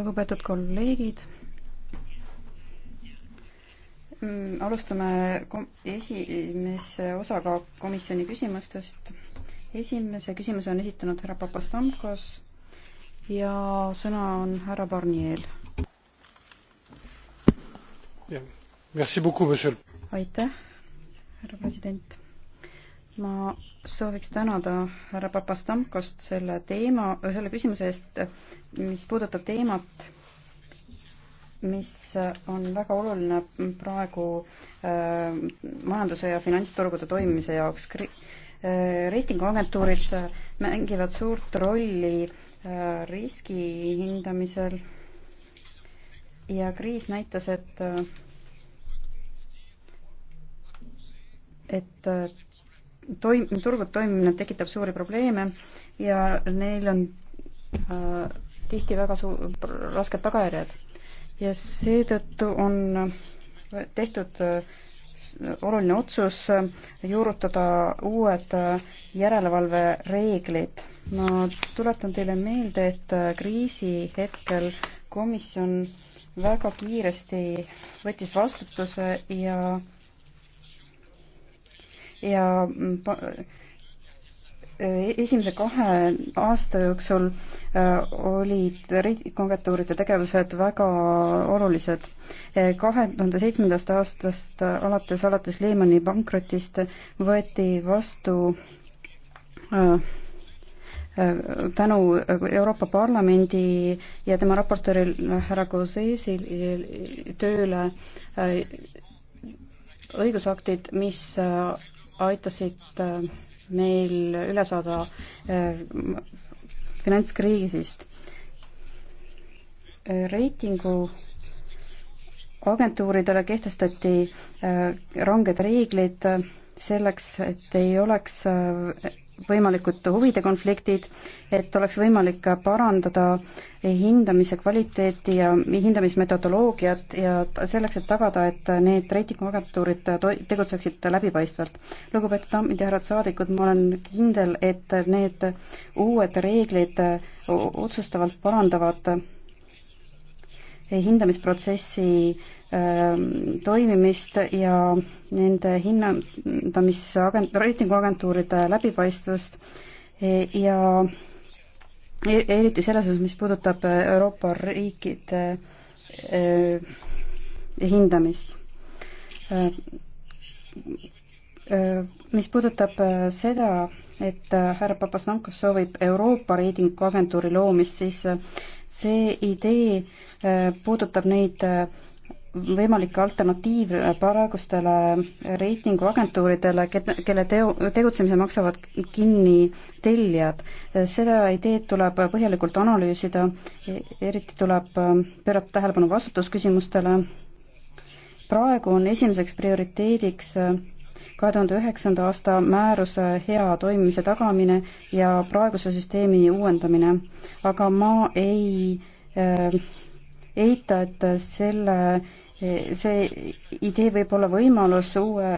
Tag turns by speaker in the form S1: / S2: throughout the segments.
S1: lugupeetud kolleegid. Mm, alustame esimese osaga komisjoni küsimustest. esimese küsimuse on esitanud härra Papastamkos ja sõna on härra Barniel. aitäh, härra president ma sooviks tänada härra Papastamkost selle teema, selle küsimuse eest, mis puudutab teemat, mis on väga oluline praegu äh, majanduse ja finantsturgude toimimise jaoks Kri äh,. reitinguagentuurid äh, mängivad suurt rolli äh, riski hindamisel ja kriis näitas, et äh, et äh, toim-, turgude toimimine tekitab suuri probleeme ja neil on äh, tihti väga suur, rasked tagajärjed. ja seetõttu on tehtud äh, oluline otsus äh, juurutada uued äh, järelevalvereeglid. ma tuletan teile meelde, et äh, kriisi hetkel komisjon väga kiiresti võttis vastutuse ja äh, ja esimese kahe aasta jooksul äh, olid riigikonventuuride tegevused väga olulised. kahe tuhande seitsmendast aastast alates, alates Lehmani pankrotist võeti vastu äh, äh, tänu Euroopa Parlamendi ja tema raportööril härra Gozesi tööle õigusaktid, mis aitasid äh, meil üle saada äh, finantskriisist. Äh, reitingu agentuuridele kehtestati ranged reeglid selleks, et ei oleks võimalikud huvide konfliktid, et oleks võimalik parandada hindamise kvaliteeti ja hindamismetodoloogiat ja selleks, et tagada, et need reitinguagentuurid tegutseksid läbipaistvalt. lugupeetud daamid ja härrad saadikud, ma olen kindel, et need uued reeglid otsustavalt parandavad hindamisprotsessi Ähm, toimimist ja nende hindamis-, reitinguagentuuride läbipaistvust e-, ja e-, eriti selles osas, mis puudutab Euroopa riikide äh, hindamist. Äh, äh, mis puudutab seda, et härra Papastamkov soovib Euroopa reitinguagentuuri loomist, siis see idee puudutab neid äh, võimalik alternatiiv praegustele reitinguagentuuridele, kelle teo, tegutsemise maksavad kinni tellijad. seda ideed tuleb põhjalikult analüüsida, eriti tuleb pöörata tähelepanu vastutusküsimustele. praegu on esimeseks prioriteediks kahe tuhande üheksanda aasta määruse hea toimimise tagamine ja praeguse süsteemi uuendamine. aga ma ei äh, eita, et selle see idee võib olla võimalus, uue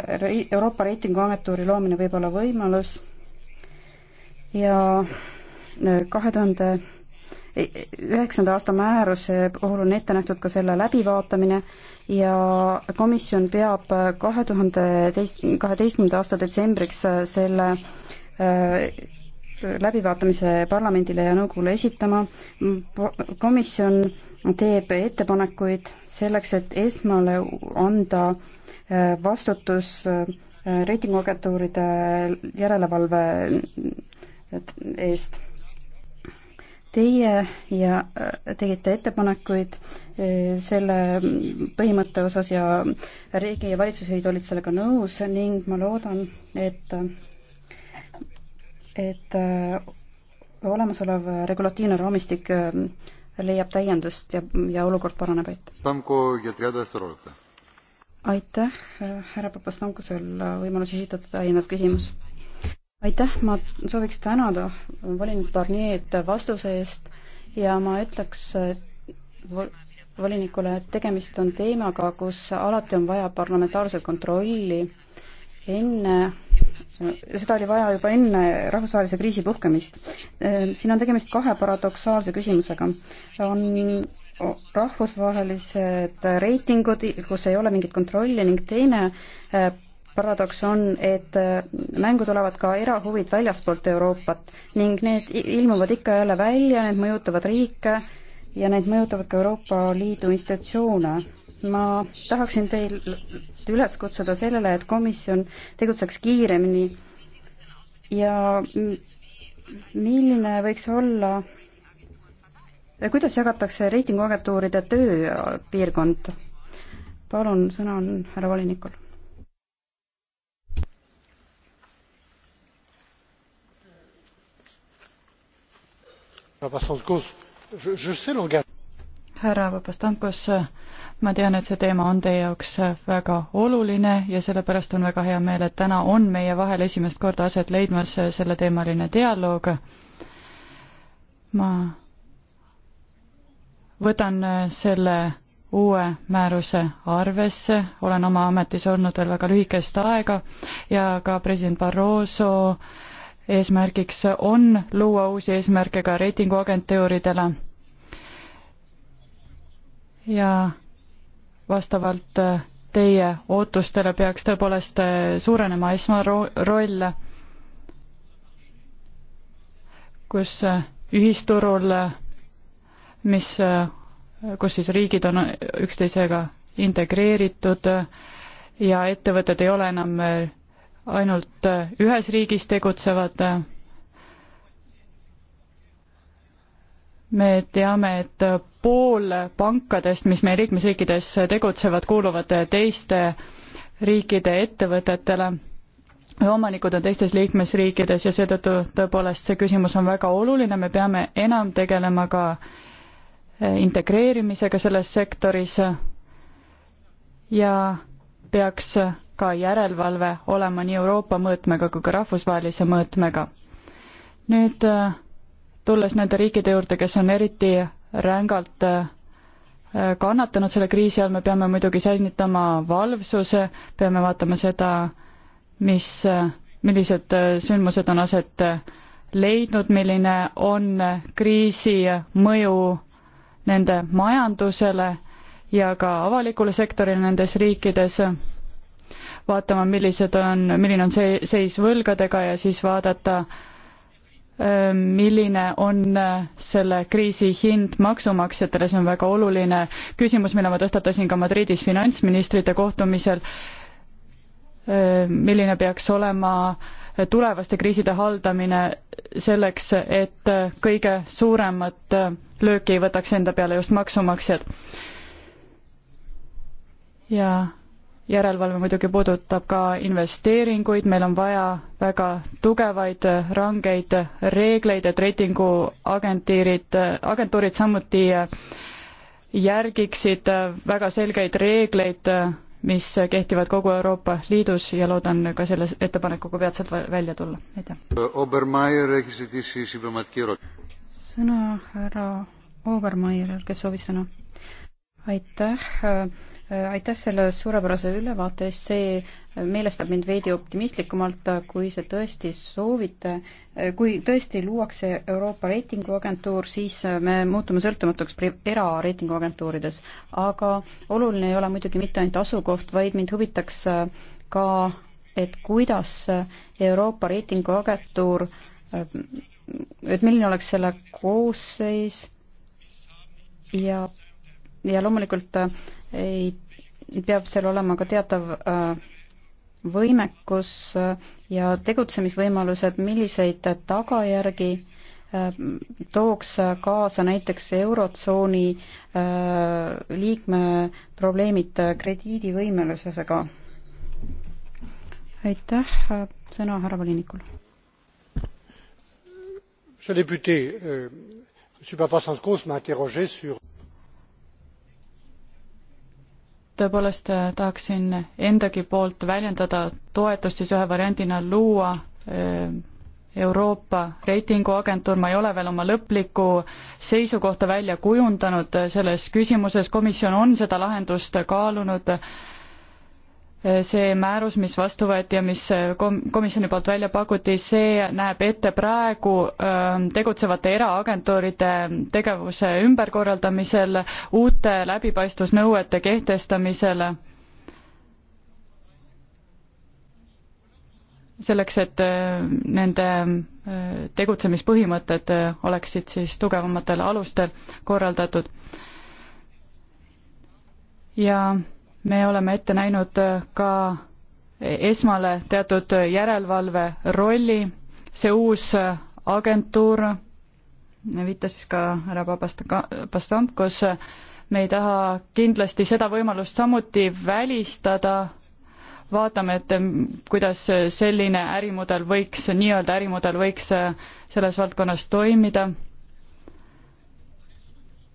S1: Euroopa reitinguagentuuri loomine võib olla võimalus ja äh, kahe tuhande e-, üheksanda aasta määruse puhul on ette nähtud ka selle läbivaatamine ja komisjon peab kahe tuhande teist, kaheteistkümnenda aasta detsembriks selle äh, läbivaatamise parlamendile ja nõukogule esitama. komisjon teeb ettepanekuid selleks, et esmale anda äh, vastutus äh, reitinguagentuuride järelevalve eest. Teie ja äh, tegite ettepanekuid selle põhimõtte osas ja riigi ja valitsusliit olid sellega nõus ning ma loodan, et, et olemasolev regulatiivne raamistik leiab täiendust ja, ja olukord paraneb, et. aitäh, härra Papastamkosel võimalus esitada täiendav küsimus. aitäh, ma sooviks tänada volinik Barnier'd vastuse eest ja ma ütleks volinikule, et tegemist on teemaga, kus alati on vaja parlamentaarset kontrolli enne seda oli vaja juba enne rahvusvahelise kriisi puhkemist. Ehm, siin on tegemist kahe paradoksaalse küsimusega. on rahvusvahelised reitingud, kus ei ole mingit kontrolli ning teine eh, paradoks on, et eh, mängu tulevad ka erahuvid väljaspoolt Euroopat ning need ilmuvad ikka ja jälle välja, need mõjutavad riike ja need mõjutavad ka Euroopa Liidu institutsioone ma tahaksin teil üles kutsuda sellele, et komisjon tegutseks kiiremini ja milline võiks olla, kuidas jagatakse reitinguagentuuride tööpiirkond? palun, sõna on härra volinikul.
S2: härra Papastankos, ma tean, et see teema on teie jaoks väga oluline ja sellepärast on väga hea meel, et täna on meie vahel esimest korda aset leidmas selleteemaline dialoog. ma võtan selle uue määruse arvesse, olen oma ametis olnud veel väga lühikest aega ja ka president Barroso eesmärgiks on luua uusi eesmärke ka reitinguagentuuridele. ja vastavalt äh, teie ootustele peaks tõepoolest äh, suurenema esmaroll, kus äh, ühisturul, mis, kus siis riigid on üksteisega integreeritud ja ettevõtted ei ole enam ainult ühes riigis tegutsevad me teame, et pool pankadest, mis meie liikmesriikides tegutsevad, kuuluvad teiste riikide ettevõtetele omanikud on teistes liikmesriikides ja seetõttu tõepoolest see küsimus on väga oluline, me peame enam tegelema ka integreerimisega selles sektoris ja peaks ka järelevalve olema nii Euroopa mõõtmega kui ka rahvusvahelise mõõtmega. nüüd tulles nende riikide juurde, kes on eriti rängalt äh, kannatanud selle kriisi all, me peame muidugi säilitama valvsuse, peame vaatama seda, mis, äh, millised äh, sündmused on aset leidnud, milline on kriisi mõju nende majandusele ja ka avalikule sektorile nendes riikides, vaatama, millised on, milline on see seis võlgadega ja siis vaadata äh, milline on äh, selle kriisi hind maksumaksjatele, see on väga oluline küsimus, mille ma tõstatasin ka Madridis finantsministrite kohtumisel. milline peaks olema äh, tulevaste kriiside haldamine selleks, et äh, kõige suuremat lööki ei võtaks enda peale just maksumaksjad. ja järelevalve muidugi puudutab ka investeeringuid, meil on vaja väga tugevaid rangeid reegleid, et reitinguagentuurid, agentuurid samuti järgiksid väga selgeid reegleid, mis kehtivad kogu Euroopa Liidus ja loodan ka selle ettepanekuga peatselt välja tulla,
S3: aitäh.
S1: sõna härra Obermeier, kes soovis sõna? aitäh aitäh selle suurepärase ülevaate eest, see meelestab mind veidi optimistlikumalt, kui see tõesti soovite. kui tõesti luuakse Euroopa reitinguagentuur, siis me muutume sõltumatuks erareitinguagentuurides. aga oluline ei ole muidugi mitte ainult asukoht, vaid mind huvitaks ka, et kuidas Euroopa reitinguagentuur, et milline oleks selle koosseis ja ja loomulikult äh, ei, peab seal olema ka teatav äh, võimekus äh, ja tegutsemisvõimalused, milliseid tagajärgi tooks kaasa näiteks Eurotsooni liikme probleemid krediidivõimelisusega. aitäh, sõna härra volinikul.
S3: Monsieur député, euh, Monsieur Papastamkos m'a interrogé sur
S2: tõepoolest äh, tahaksin endagi poolt väljendada toetust siis ühe variandina luua äh, Euroopa reitinguagentuur, ma ei ole veel oma lõplikku seisukohta välja kujundanud äh, selles küsimuses, komisjon on seda lahendust kaalunud see määrus, mis vastu võeti ja mis äh, kom-, komisjoni poolt välja pakuti, see näeb ette praegu ähm, tegutsevate eraagentuuride tegevuse ümberkorraldamisel, uute läbipaistvusnõuete kehtestamisel, selleks, et äh, nende äh, tegutsemispõhimõtted oleksid siis tugevamatel alustel korraldatud. ja me oleme ette näinud ka esmale teatud järelevalve rolli, see uus agentuur, viitas siis ka härra Papasta-, Pastamkos, me ei taha kindlasti seda võimalust samuti välistada, vaatame, et kuidas selline ärimudel võiks, nii-öelda ärimudel võiks selles valdkonnas toimida.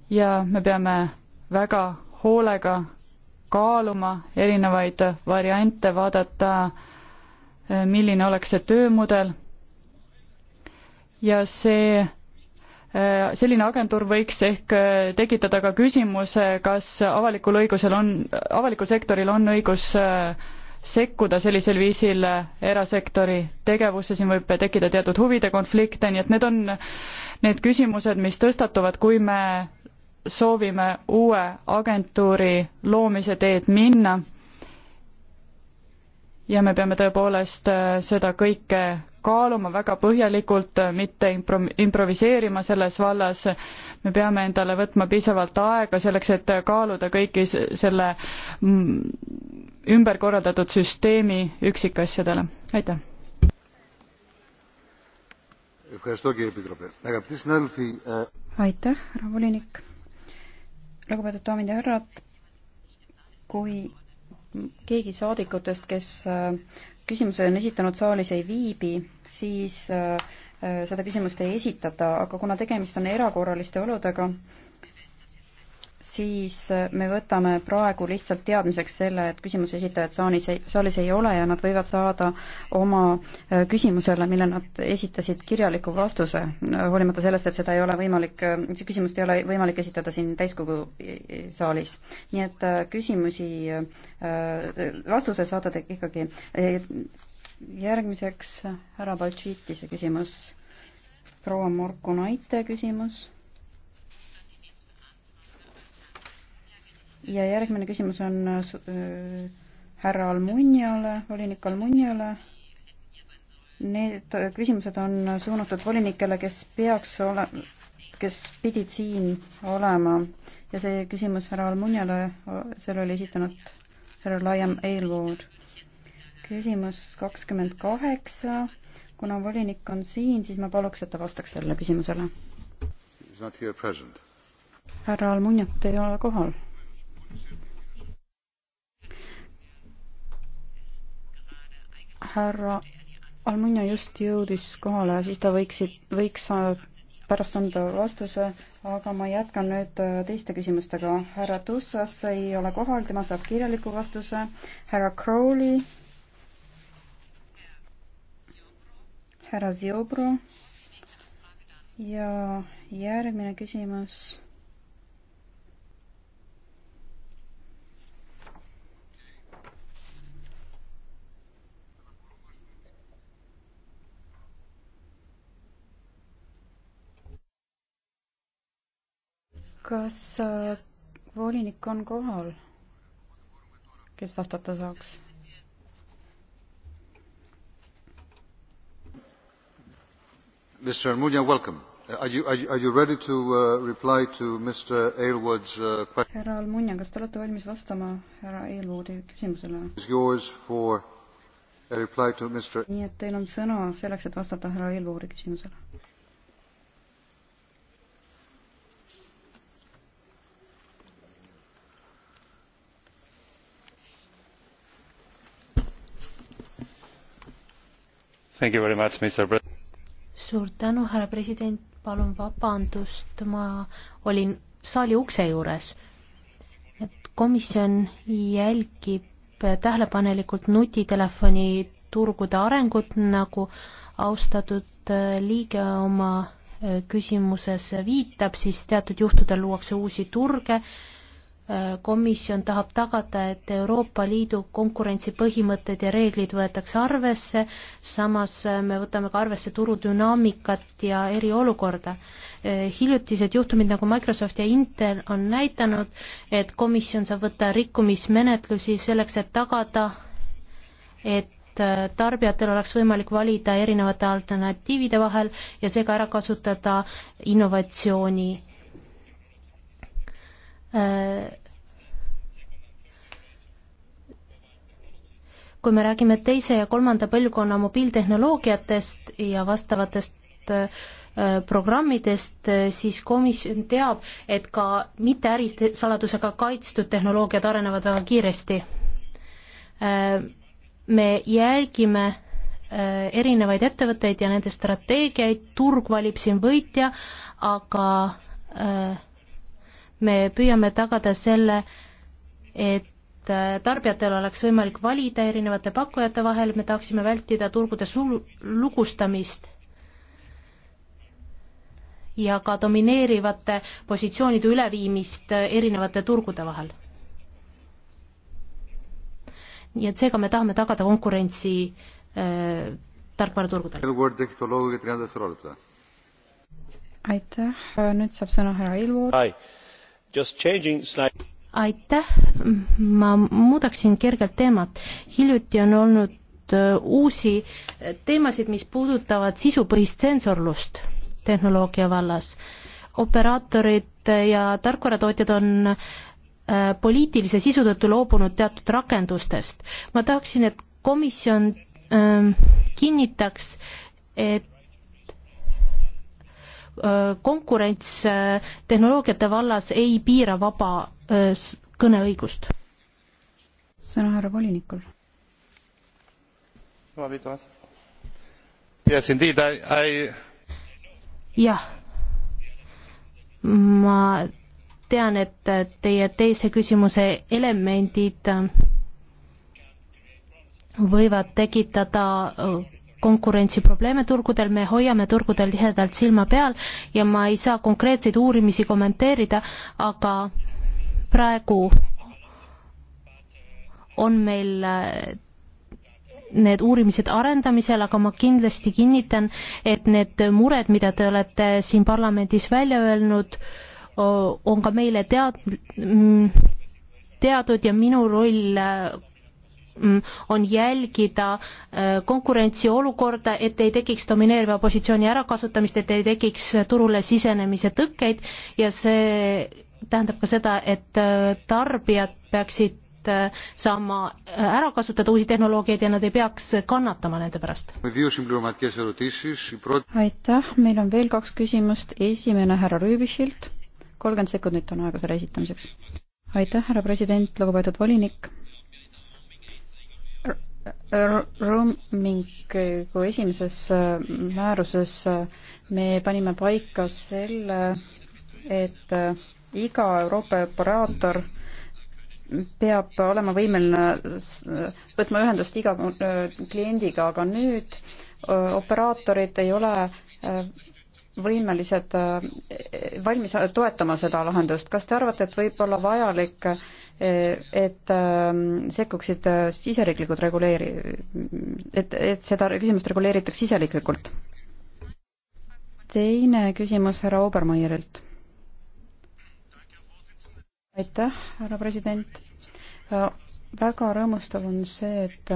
S2: ja me peame väga hoolega kaaluma erinevaid variante, vaadata, milline oleks see töömudel ja see selline agentuur võiks ehk tekitada ka küsimuse, kas avalikul õigusel on, avalikul sektoril on õigus äh, sekkuda sellisel viisil erasektori tegevusse, siin võib tekkida teatud huvide konflikte, nii et need on need küsimused, mis tõstatuvad, kui me soovime uue agentuuri loomise teed minna. ja me peame tõepoolest äh, seda kõike kaaluma väga põhjalikult, äh, mitte impro-, improviseerima selles vallas, me peame endale võtma piisavalt aega selleks, et äh, kaaluda kõiki selle mm, ümberkorraldatud süsteemi üksikasjadele, aitäh!
S1: aitäh, härra volinik! lugupeetud daamid ja härrad, kui keegi saadikutest, kes äh, küsimuse on esitanud saalis, ei viibi, siis äh, äh, seda küsimust ei esitata, aga kuna tegemist on erakorraliste oludega, siis äh, me võtame praegu lihtsalt teadmiseks selle, et küsimuse esitajat saalis ei, saalis ei ole ja nad võivad saada oma äh, küsimusele, mille nad esitasid, kirjaliku vastuse, äh, hoolimata sellest, et seda ei ole võimalik, see küsimust ei ole võimalik esitada siin täiskogu saalis. nii et küsimusi, vastuse saate te ikkagi. järgmiseks härra Baltšiitise küsimus, proua Morkunaite küsimus ja järgmine küsimus on äh, äh, härra Almuniale, volinik Almuniale. Need äh, küsimused on suunatud volinikele, kes peaks ole-, kes pidid siin olema ja see küsimus härra Almuniale, selle oli esitanud härra Liam Aylward. küsimus kakskümmend kaheksa, kuna volinik on siin, siis ma paluks, et ta vastaks sellele küsimusele. härra Almuniat ei ole kohal härra Almunia just jõudis kohale, siis ta võiksid, võiks pärast anda vastuse, aga ma jätkan nüüd äh, teiste küsimustega. härra Tussas ei ole kohal, tema saab kirjaliku vastuse. härra Crowley. härra Ziobro. ja järgmine küsimus kas äh, volinik on kohal, kes vastata saaks?
S3: Mr Almunia, welcome. Uh, are you, are you, are you ready to uh, reply to Mr Aylward's uh, question?
S1: härra Almunia, kas te olete valmis vastama härra Aylwardi küsimusele?
S3: Is yours for a reply to Mr
S1: nii et teil on sõna selleks, et vastata härra Aylwardi küsimusele
S4: suur tänu, härra president, palun vabandust, ma olin saali ukse juures. et komisjon jälgib tähelepanelikult nutitelefoni turgude arengut, nagu austatud liige oma küsimuses viitab, siis teatud juhtudel luuakse uusi turge komisjon tahab tagada, et Euroopa Liidu konkurentsipõhimõtted ja reeglid võetakse arvesse, samas me võtame ka arvesse turudünaamikat ja eriolukorda. hiljutised juhtumid nagu Microsoft ja Intel on näidanud, et komisjon saab võtta rikkumismenetlusi selleks, et tagada, et tarbijatel oleks võimalik valida erinevate alternatiivide vahel ja seega ära kasutada innovatsiooni kui me räägime teise ja kolmanda põlvkonna mobiiltehnoloogiatest ja vastavatest äh, programmidest, äh, siis komisjon teab, et ka mitte ärisaladusega kaitstud tehnoloogiad arenevad väga kiiresti. Äh, me jälgime erinevaid ettevõtteid ja nende strateegiaid, turg valib siin võitja, aga äh, me püüame tagada selle, et äh, tarbijatel oleks võimalik valida erinevate pakkujate vahel, me tahaksime vältida turgude sul-, lugustamist ja ka domineerivate positsioonide üleviimist äh, erinevate turgude vahel. nii et seega me tahame
S1: tagada konkurentsi äh, tarkvaraturgudel. aitäh, nüüd saab sõna härra Ilvo
S4: aitäh, ma muudaksin kergelt teemat. hiljuti on olnud äh, uusi äh, teemasid, mis puudutavad sisupõhist tsensorlust tehnoloogia vallas. operaatorid äh, ja tarkvaratootjad on poliitilise sisu tõttu loobunud teatud rakendustest. ma tahaksin, et komisjon ähm, kinnitaks, et Äh, konkurents äh, tehnoloogiate vallas ei piira vaba
S1: äh, kõneõigust. sõna härra volinikul.
S4: jah, ma tean, et teie teise küsimuse elemendid võivad tekitada konkurentsiprobleeme turgudel, me hoiame turgudel tihedalt silma peal ja ma ei saa konkreetseid uurimisi kommenteerida, aga praegu on meil äh, need uurimised arendamisel, aga ma kindlasti kinnitan, et need mured, mida te olete siin parlamendis välja öelnud, on ka meile tead-, mm, teadnud ja minu roll äh, Mm, on jälgida äh, konkurentsiolukorda, et ei tekiks domineeriva positsiooni ärakasutamist, et ei tekiks turule sisenemise tõkkeid ja see tähendab ka seda, et äh, tarbijad peaksid äh, saama ära kasutada uusi tehnoloogiaid
S1: ja nad ei peaks kannatama nende pärast. aitäh, meil on veel kaks küsimust, esimene härra Rüübišilt, kolmkümmend sekundit on aega selle esitamiseks. aitäh, härra president, lugupeetud volinik Roamingu esimeses äh, määruses äh, me panime paika selle, et äh, iga Euroopa operaator peab olema võimeline võtma ühendust iga kliendiga, aga nüüd operaatorid ei ole võimelised, äh, valmis toetama seda lahendust, kas te arvate, et võib olla vajalik, äh, et ähm, sekkuksid äh, siseriiklikud reguleeri-, et, et seda küsimust reguleeritaks siseriiklikult? teine küsimus härra Obermeierilt. aitäh, härra president. väga rõõmustav on see, et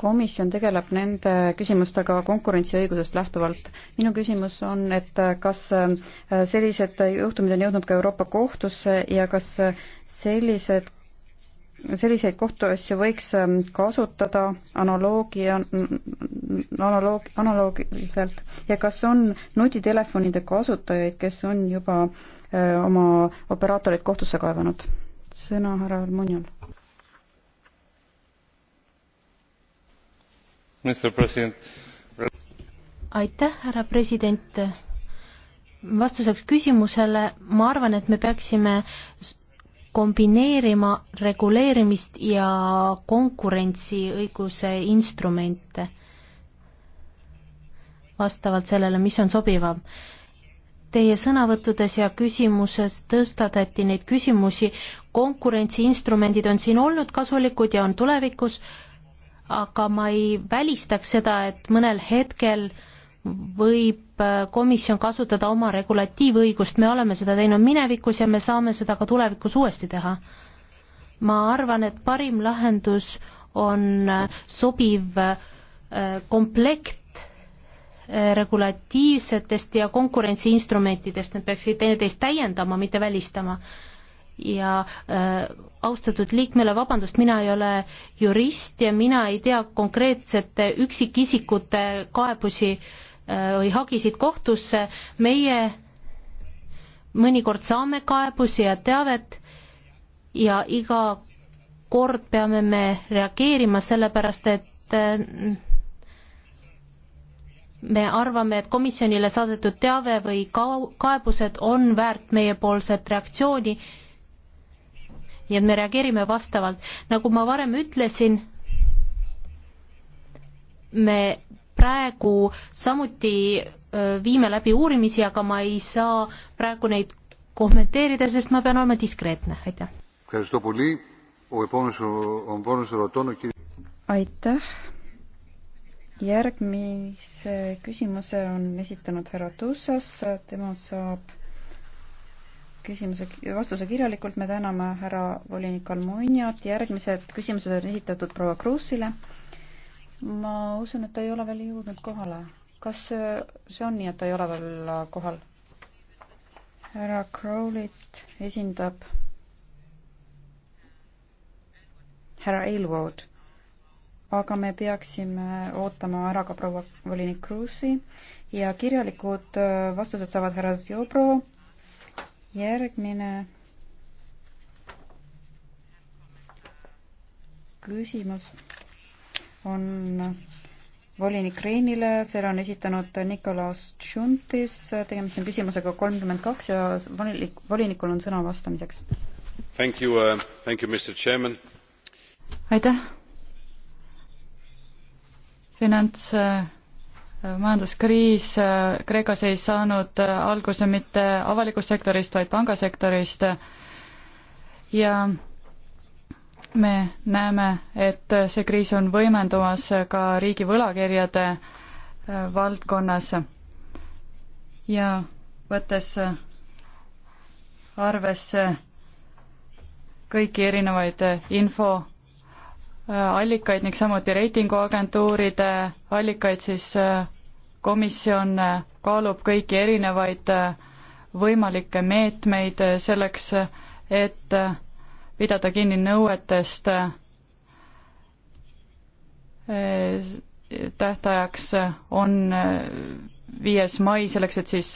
S1: komisjon tegeleb nende küsimustega konkurentsiõigusest lähtuvalt. minu küsimus on, et kas äh, sellised juhtumid on jõudnud ka Euroopa Kohtusse ja kas sellised, selliseid kohtuasju võiks ähm, kasutada analoogia, analoog, analoogiliselt ja kas on nutitelefonide kasutajaid, kes on juba äh, oma operaatorid kohtusse kaevanud? sõna härra Almunial
S4: aitäh, härra president. vastuseks küsimusele, ma arvan, et me peaksime kombineerima reguleerimist ja konkurentsiõiguse instrumente vastavalt sellele, mis on sobivam. Teie sõnavõttudes ja küsimuses tõstatati neid küsimusi, konkurentsiinstrumendid on siin olnud kasulikud ja on tulevikus äh, aga ma ei välistaks seda, et mõnel hetkel võib äh, komisjon kasutada oma regulatiivõigust, me oleme seda teinud minevikus ja me saame seda ka tulevikus uuesti teha. ma arvan, et parim lahendus on äh, sobiv äh, komplekt regulatiivsetest ja konkurentsiinstrumentidest, need peaksid teineteist täiendama, mitte välistama ja äh, austatud liikmele, vabandust, mina ei ole jurist ja mina ei tea konkreetsete üksikisikute kaebusi äh, või hagisid kohtusse, meie mõnikord saame kaebusi ja teavet ja iga kord peame me reageerima, sellepärast et äh, me arvame, et komisjonile saadetud teave või kaebused on väärt meiepoolset reaktsiooni nii et me reageerime vastavalt. nagu ma varem ütlesin, me praegu samuti viime läbi uurimisi, aga ma ei saa praegu neid kommenteerida,
S1: sest ma pean olema diskreetne, aitäh. aitäh. järgmise küsimuse on esitanud härra Tussas, tema saab küsimuse, vastuse kirjalikult, me täname härra volinik Almuniat, järgmised küsimused on esitatud proua Kruusile. ma usun, et ta ei ole veel jõudnud kohale. kas see on nii, et ta ei ole veel äh, kohal? härra Crowley't esindab härra Aylward, aga me peaksime ootama ära ka proua volinik Kruusi ja kirjalikud äh, vastused saavad härra Zjobro järgmine küsimus on volinik Reinile, selle on esitanud Nikolaus Tšuntis, tegemist on küsimusega kolmkümmend kaks ja volinik, volinikul on sõna vastamiseks.
S5: Uh,
S1: aitäh.
S2: finants uh, majanduskriis äh, Kreekas ei saanud äh, alguse mitte avalikust sektorist, vaid pangasektorist ja me näeme, et äh, see kriis on võimendumas ka riigi võlakirjade valdkonnas ja võttes arvesse kõiki erinevaid infoallikaid ning samuti reitinguagentuuride allikaid, siis komisjon äh, kaalub kõiki erinevaid äh, võimalikke meetmeid äh, selleks, et pidada kinni nõuetest tähtajaks on viies mai, selleks et siis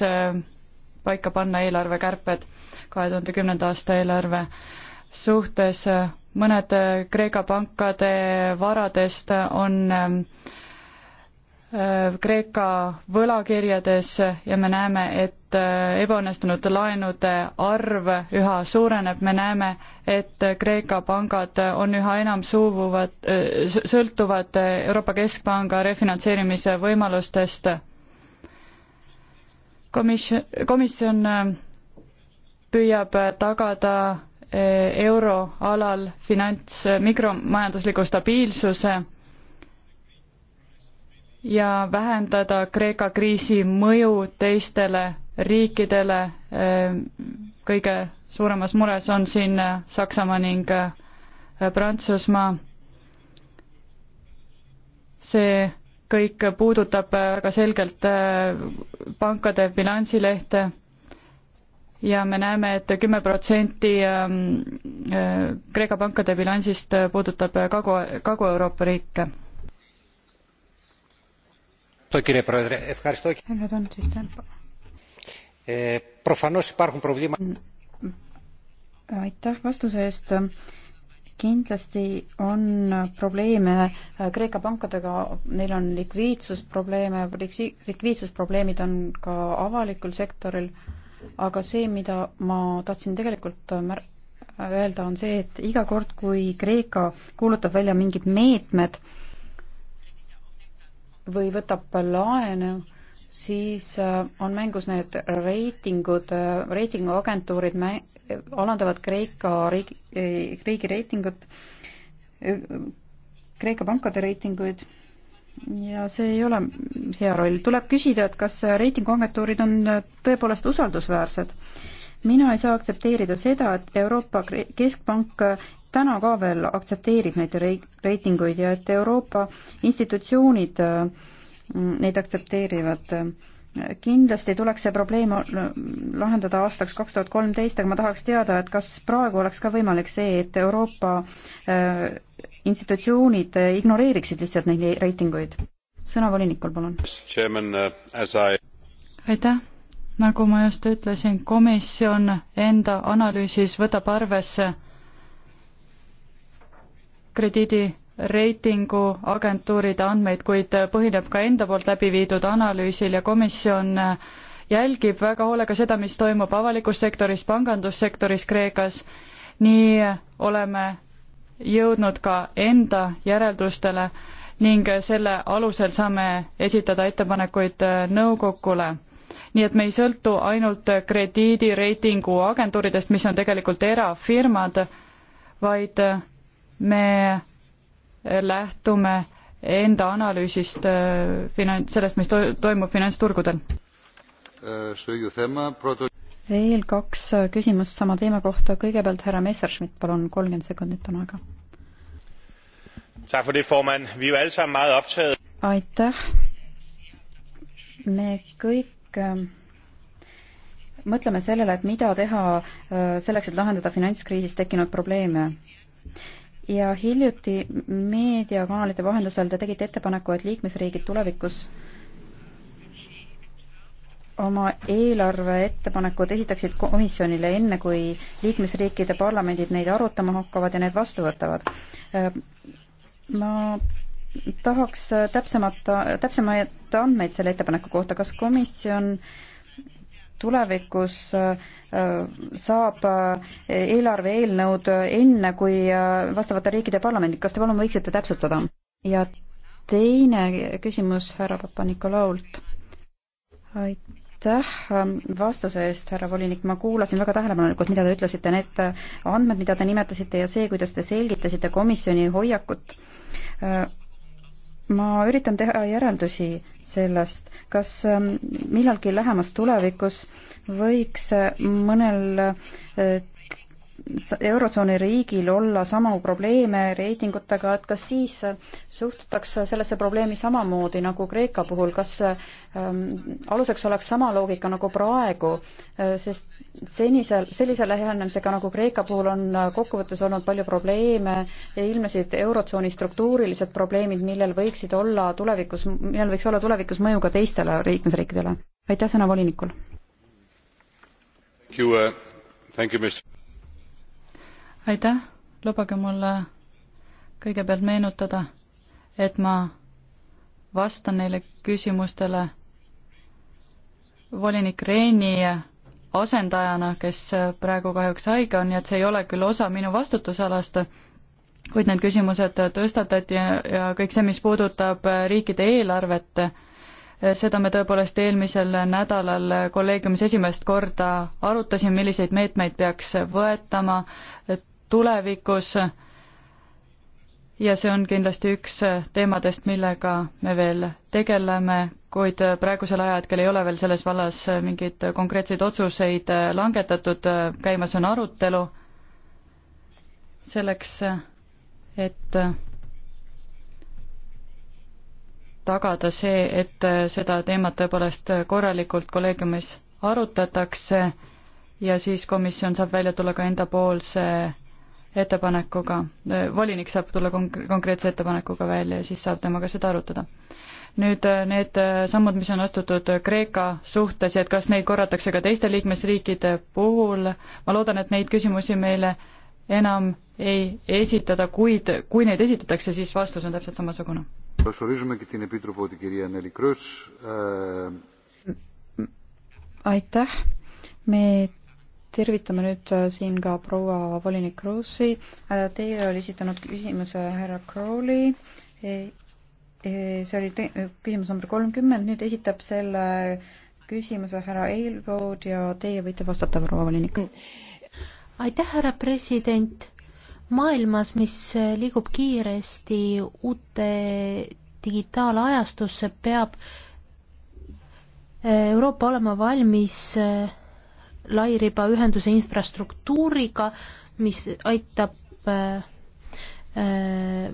S2: paika panna eelarvekärped kahe tuhande kümnenda aasta eelarve suhtes. mõned Kreeka pankade varadest on äh, Äh, Kreeka võlakirjades ja me näeme, et äh, ebaõnnestunud laenude arv üha suureneb, me näeme, et Kreeka pangad on üha enam suuvuvad, äh, sõltuvad Euroopa Keskpanga refinantseerimise võimalustest. Komis-, komisjon püüab tagada euroalal finants, mikromajandusliku stabiilsuse ja vähendada Kreeka kriisi mõju teistele riikidele. Ehm, kõige suuremas mures on siin Saksamaa ning äh, Prantsusmaa. see kõik puudutab äh, väga selgelt äh, pankade bilansilehte ja me näeme et, et kümme protsenti ähm, Kreeka pankade bilansist puudutab Kagu, Kagu-Euroopa riike
S1: aitäh vastuse eest kindlasti on probleeme äh, Kreeka pankadega, neil on likviidsusprobleeme, likviidsusprobleemid on ka avalikul sektoril, aga see, mida ma tahtsin tegelikult äh, mär-, öelda, on see, et iga kord, kui Kreeka kuulutab välja mingid meetmed, või võtab laenu, siis äh, on mängus need reitingud, äh, reitinguagentuurid mä-, alandavad Kreeka riigi, riigi reitingut, äh, Kreeka pankade reitinguid ja see ei ole hea roll. tuleb küsida, et kas reitinguagentuurid on tõepoolest usaldusväärsed mina ei saa aktsepteerida seda, et Euroopa Keskpank täna ka veel aktsepteerib neid reitinguid ja et Euroopa institutsioonid mm, neid aktsepteerivad. kindlasti tuleks see probleem lahendada aastaks kaks tuhat kolmteist, aga ma tahaks teada, et kas praegu oleks ka võimalik see, et Euroopa äh, institutsioonid ignoreeriksid lihtsalt neid reitinguid? sõna volinikul, palun.
S5: Uh,
S2: aitäh nagu ma just ütlesin, komisjon enda analüüsis võtab arvesse krediidireitingu agentuuride andmeid, kuid põhineb ka enda poolt läbi viidud analüüsil ja komisjon jälgib väga hoolega seda, mis toimub avalikus sektoris, pangandussektoris Kreekas. nii oleme jõudnud ka enda järeldustele ning selle alusel saame esitada ettepanekuid nõukogule nii et me ei sõltu ainult krediidireitingu agentuuridest, mis on tegelikult erafirmad, vaid me lähtume enda analüüsist äh, finants, sellest, mis to-, toimub
S1: finantsturgudel. veel kaks äh, küsimust sama teema kohta, kõigepealt härra Messerschmidt, palun, kolmkümmend sekundit on aega.
S5: Er
S1: aitäh, me kõik Äh, mõtleme sellele, et mida teha äh, selleks, et lahendada finantskriisis tekkinud probleeme. ja hiljuti meediakanalite vahendusel te tegite ettepaneku, et liikmesriigid tulevikus oma eelarve ettepanekud esitaksid komisjonile enne, kui liikmesriikide parlamendid neid arutama hakkavad ja need vastu võtavad. Äh, ma tahaks täpsemat, täpsemaid täpsemaid andmeid selle ettepaneku kohta, kas komisjon tulevikus äh, äh, saab äh, eelarve eelnõud enne kui vastavate riikide parlamendid, kas te palun võiksite täpsustada? ja teine küsimus härra Papa-Nikolault. aitäh ähm, vastuse eest, härra volinik, ma kuulasin väga tähelepanelikult, mida te ütlesite, need andmed, mida te nimetasite ja see, kuidas te selgitasite komisjoni hoiakut, ma üritan teha järeldusi sellest, kas ähm, millalgi lähemas tulevikus võiks äh, mõnel äh, eurotsooni riigil olla samu probleeme reitingutega, et kas siis suhtutakse sellesse probleemi samamoodi nagu Kreeka puhul, kas ähm, aluseks oleks sama loogika nagu praegu, äh, sest senisel, sellise lähenemisega nagu Kreeka puhul on äh, kokkuvõttes olnud palju probleeme ja ilmnesid eurotsooni struktuurilised probleemid, millel võiksid olla tulevikus, millel võiks olla tulevikus mõju ka teistele liikmesriikidele. aitäh sõna volinikul!
S5: Thank you, uh, thank you, Mr
S2: aitäh, lubage mulle kõigepealt meenutada, et ma vastan neile küsimustele volinik Reini asendajana, kes praegu kahjuks haige on, nii et see ei ole küll osa minu vastutusalast, kuid need küsimused tõstatati ja, ja kõik see, mis puudutab riikide eelarvet, seda me tõepoolest eelmisel nädalal kolleegiumis esimest korda arutasime, milliseid meetmeid peaks võetama, et tulevikus ja see on kindlasti üks teemadest, millega me veel tegeleme, kuid praegusel ajahetkel ei ole veel selles vallas mingeid konkreetseid otsuseid langetatud, käimas on arutelu selleks, et tagada see, et seda teemat tõepoolest korralikult kolleegiumis arutatakse ja siis komisjon saab välja tulla ka endapoolse ettepanekuga, volinik saab tulla konk-, konkreetse ettepanekuga välja ja siis saab temaga seda arutada. nüüd äh, need äh, sammud, mis on astutud Kreeka suhtes ja et kas neid korratakse ka teiste liikmesriikide puhul, ma loodan, et neid küsimusi meile enam ei esitada, kuid kui neid esitatakse, siis
S1: vastus on täpselt samasugune. aitäh, me tervitame nüüd äh, siin ka proua volinik Roosi. Äh, Teile oli esitanud küsimuse härra Crowley. E, e, see oli küsimus number kolmkümmend, nüüd esitab selle küsimuse härra Eilvood ja teie võite vastata, proua volinik. aitäh, härra president. maailmas, mis liigub kiiresti
S4: uute digitaalajastusse, peab Euroopa olema valmis äh, lairibaühenduse infrastruktuuriga, mis aitab äh, äh,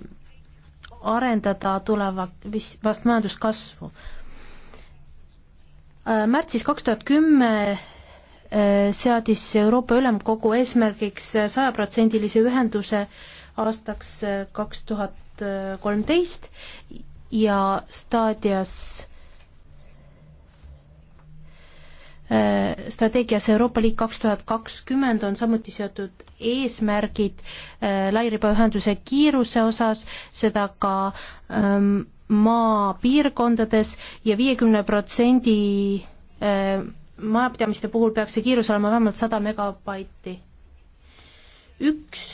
S4: arendada tulevat vast majanduskasvu äh,. märtsis kaks tuhat kümme äh, seadis Euroopa Ülemkogu eesmärgiks sajaprotsendilise ühenduse aastaks äh, kaks tuhat kolmteist ja staadias Äh, strateegias Euroopa Liit kaks tuhat kakskümmend on samuti seotud eesmärgid äh, lairibaühenduse kiiruse osas, seda ka ähm, maapiirkondades ja viiekümne protsendi äh, majapidamiste puhul peaks see kiirus olema vähemalt sada megabaiti. üks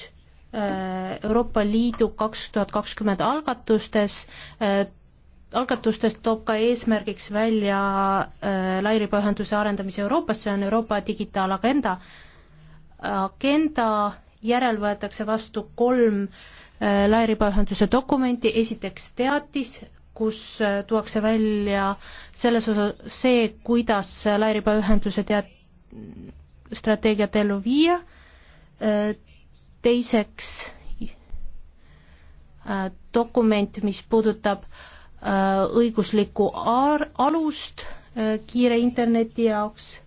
S4: Euroopa Liidu kaks tuhat kakskümmend algatustes algatustest toob ka eesmärgiks välja äh, lairibaühenduse arendamise Euroopas, see on Euroopa digitaalagenda. agenda järel võetakse vastu kolm äh, lairibaühenduse dokumenti, esiteks teatis, kus äh, tuuakse välja selles osas see, kuidas lairibaühenduse teat-, strateegiat ellu viia äh,, teiseks äh, dokument, mis puudutab äh, Äh, õiguslikku alust äh, kiire interneti jaoks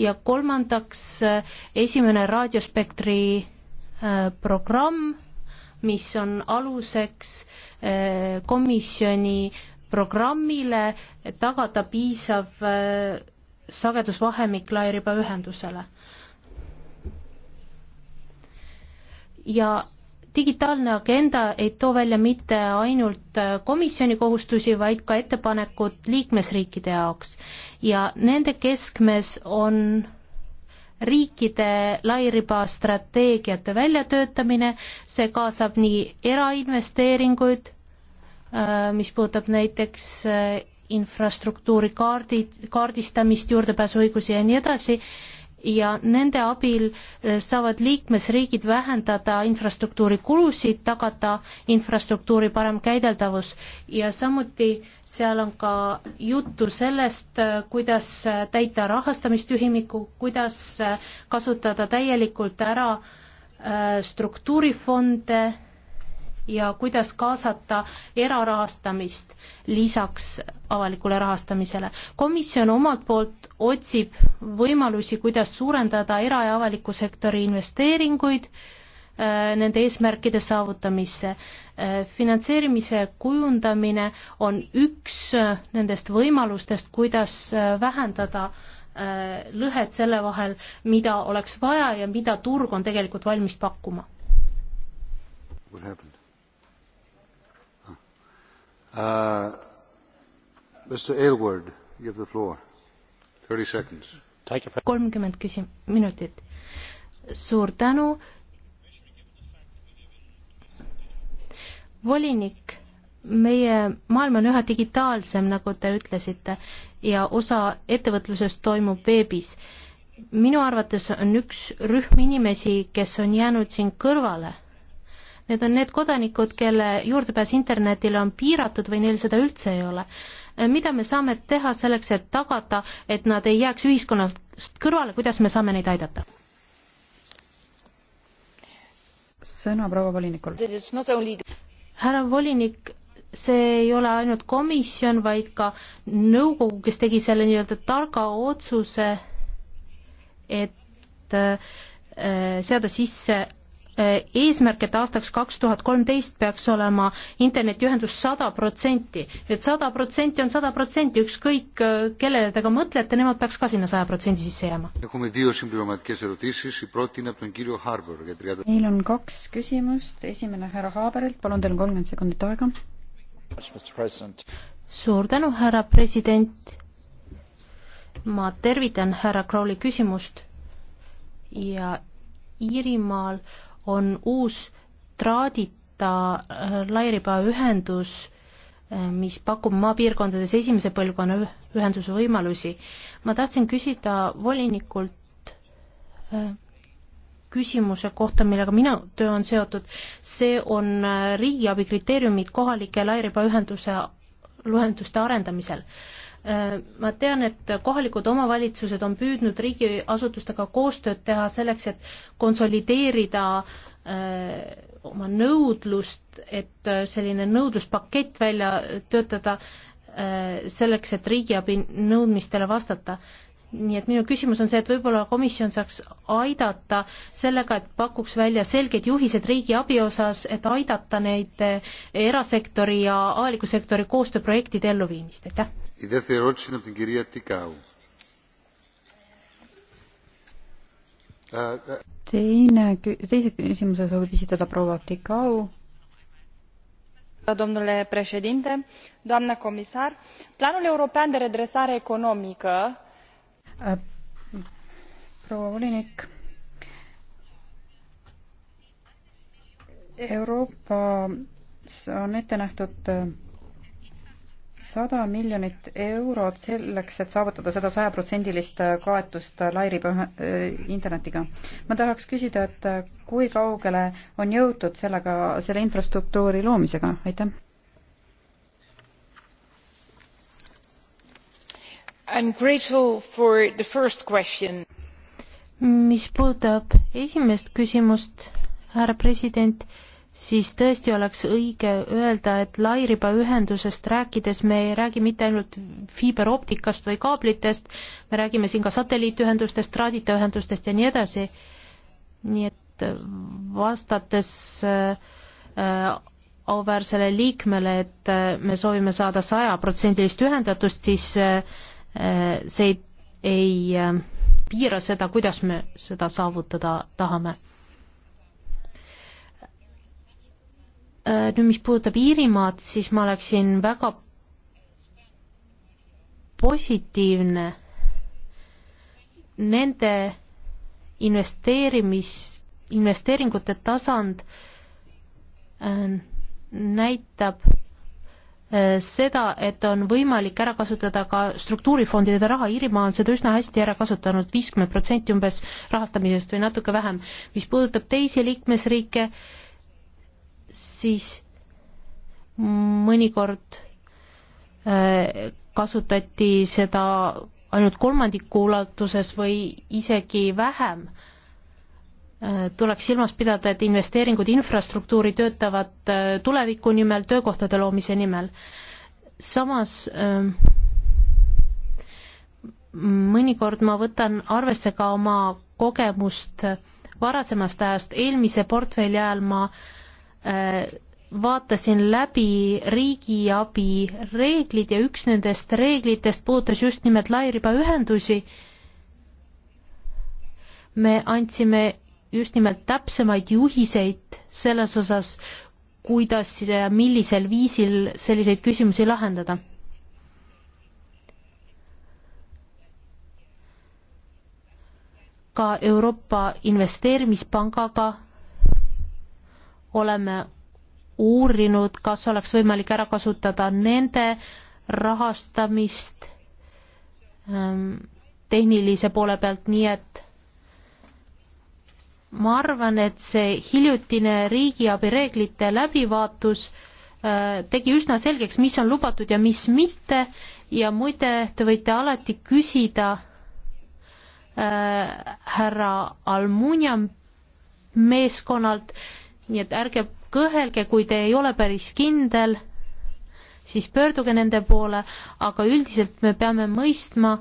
S4: ja kolmandaks äh, esimene raadiospektri programm, mis on aluseks komisjoni programmile tagada piisav sagedusvahemik lairibaühendusele. ja digitaalne agenda ei too välja mitte ainult äh, komisjoni kohustusi, vaid ka ettepanekud liikmesriikide jaoks ja nende keskmes on riikide lairiba strateegiate väljatöötamine, see kaasab nii erainvesteeringuid, äh, mis puudutab näiteks äh, infrastruktuuri kaardi, kaardistamist, juurdepääsuõigusi ja nii edasi, ja nende abil eh, saavad liikmesriigid vähendada infrastruktuuri kulusid, tagada infrastruktuuri parem käideldavus ja samuti seal on ka juttu sellest, eh, kuidas eh, täita rahastamistühimikku, kuidas kasutada täielikult ära struktuurifonde ja kuidas kaasata erarahastamist lisaks avalikule rahastamisele. komisjon omalt poolt otsib võimalusi, kuidas suurendada era- ja avaliku sektori investeeringuid äh, nende eesmärkide saavutamisse. Äh, finantseerimise kujundamine on üks äh, nendest võimalustest, kuidas vähendada lõhet selle vahel, mida oleks vaja ja mida turg on tegelikult valmis pakkuma.
S3: What happened? Uh, Mr. Aylward, you have the floor. 30 seconds.
S4: kolmkümmend küsim-, minutit. suur tänu. volinik, meie maailm on üha digitaalsem, nagu te ütlesite, ja osa ettevõtlusest toimub veebis. minu arvates on üks rühm inimesi, kes on jäänud siin kõrvale Need on need kodanikud, kelle juurdepääs internetile on piiratud või neil seda üldse ei ole. Äh, mida me saame teha selleks, et tagada, et nad ei jääks ühiskonnast kõrvale, kuidas me saame neid aidata? sõna proua volinikul. härra volinik, see ei ole ainult komisjon, vaid ka nõukogu, kes tegi selle nii-öelda targa otsuse, et äh, äh seada sisse Eh, eesmärk, et aastaks kaks tuhat kolmteist peaks olema internetiühendus sada protsenti, et sada protsenti on sada protsenti, ükskõik eh, kellele te ka
S1: mõtlete, nemad peaks ka sinna saja protsendi sisse jääma. meil on kaks küsimust, esimene härra Haaberilt, palun, teil on kolmkümmend sekundit aega. suur tänu, härra president.
S4: ma tervitan härra Crowley küsimust ja Iirimaal äh, on uus traadita äh, lairibaühendus, äh, mis pakub maapiirkondades esimese põlvkonna ühenduse võimalusi. ma tahtsin küsida volinikult äh, küsimuse kohta, millega minu töö on seotud, see on riigiabi kriteeriumid kohalike lairibaühenduse, ühenduste arendamisel Äh, ma tean, et kohalikud omavalitsused on püüdnud riigiasutustega koostööd teha selleks, et konsolideerida äh, oma nõudlust, et äh, selline nõudluspakett välja töötada selleks, et riigiabi nõudmistele vastata nii et minu küsimus on see, et võib-olla komisjon saaks aidata sellega, et pakuks välja selged juhised riigiabi osas, et aidata neid eh, erasektori ja avaliku sektori koostööprojektide elluviimist, aitäh.
S1: teine, teise küsimuse soovib esitada proua Tikau planul european de redresare economică Äh, proua volinik. Euroopas on ette nähtud äh, sada miljonit eurot selleks, et saavutada seda sajaprotsendilist äh, kaetust lairipõhja, internetiga. ma tahaks küsida, et kui kaugele on jõutud sellega, selle infrastruktuuri loomisega, aitäh?
S4: mis puudutab esimest küsimust, härra president, siis tõesti oleks õige öelda, et lairibaühendusest rääkides me ei räägi mitte ainult fiiberoptikast või kaablitest, me räägime siin ka satelliitühendustest, raaditaühendustest ja nii edasi. nii et vastates äh, äh auväärsele liikmele, et äh, me soovime saada sajaprotsendilist ühendatust, siis äh, Äh, see ei, ei äh, piira seda, kuidas me seda saavutada tahame. Äh, nüüd, mis puudutab Iirimaad, siis ma oleksin väga positiivne nende investeerimis, investeeringute tasand näitab Äh, seda, et on võimalik ära kasutada ka struktuurifondide raha, Iirimaa on seda üsna hästi ära kasutanud, viiskümmend protsenti umbes rahastamisest või natuke vähem. mis puudutab teisi liikmesriike, siis mõnikord äh, kasutati seda ainult kolmandiku ulatuses või isegi vähem Äh, tuleks silmas pidada, et investeeringud infrastruktuuri töötavad äh, tuleviku nimel, töökohtade loomise nimel. samas äh, mõnikord ma võtan arvesse ka oma kogemust varasemast ajast, eelmise portfelli ajal ma vaatasin läbi riigiabi reeglid ja üks nendest reeglitest puudutas just nimelt lairibaühendusi. me andsime just nimelt täpsemaid juhiseid selles osas, kuidas ja millisel viisil selliseid küsimusi lahendada. ka Euroopa Investeerimispangaga oleme uurinud, kas oleks võimalik ära kasutada nende rahastamist ähm, tehnilise poole pealt, nii et ma arvan, et see hiljutine riigiabi reeglite läbivaatus äh, tegi üsna selgeks, mis on lubatud ja mis mitte ja muide, te võite alati küsida äh, härra Almunia meeskonnalt, nii et ärge kõhelge, kui te ei ole päris kindel, siis pöörduge nende poole, aga üldiselt me peame mõistma,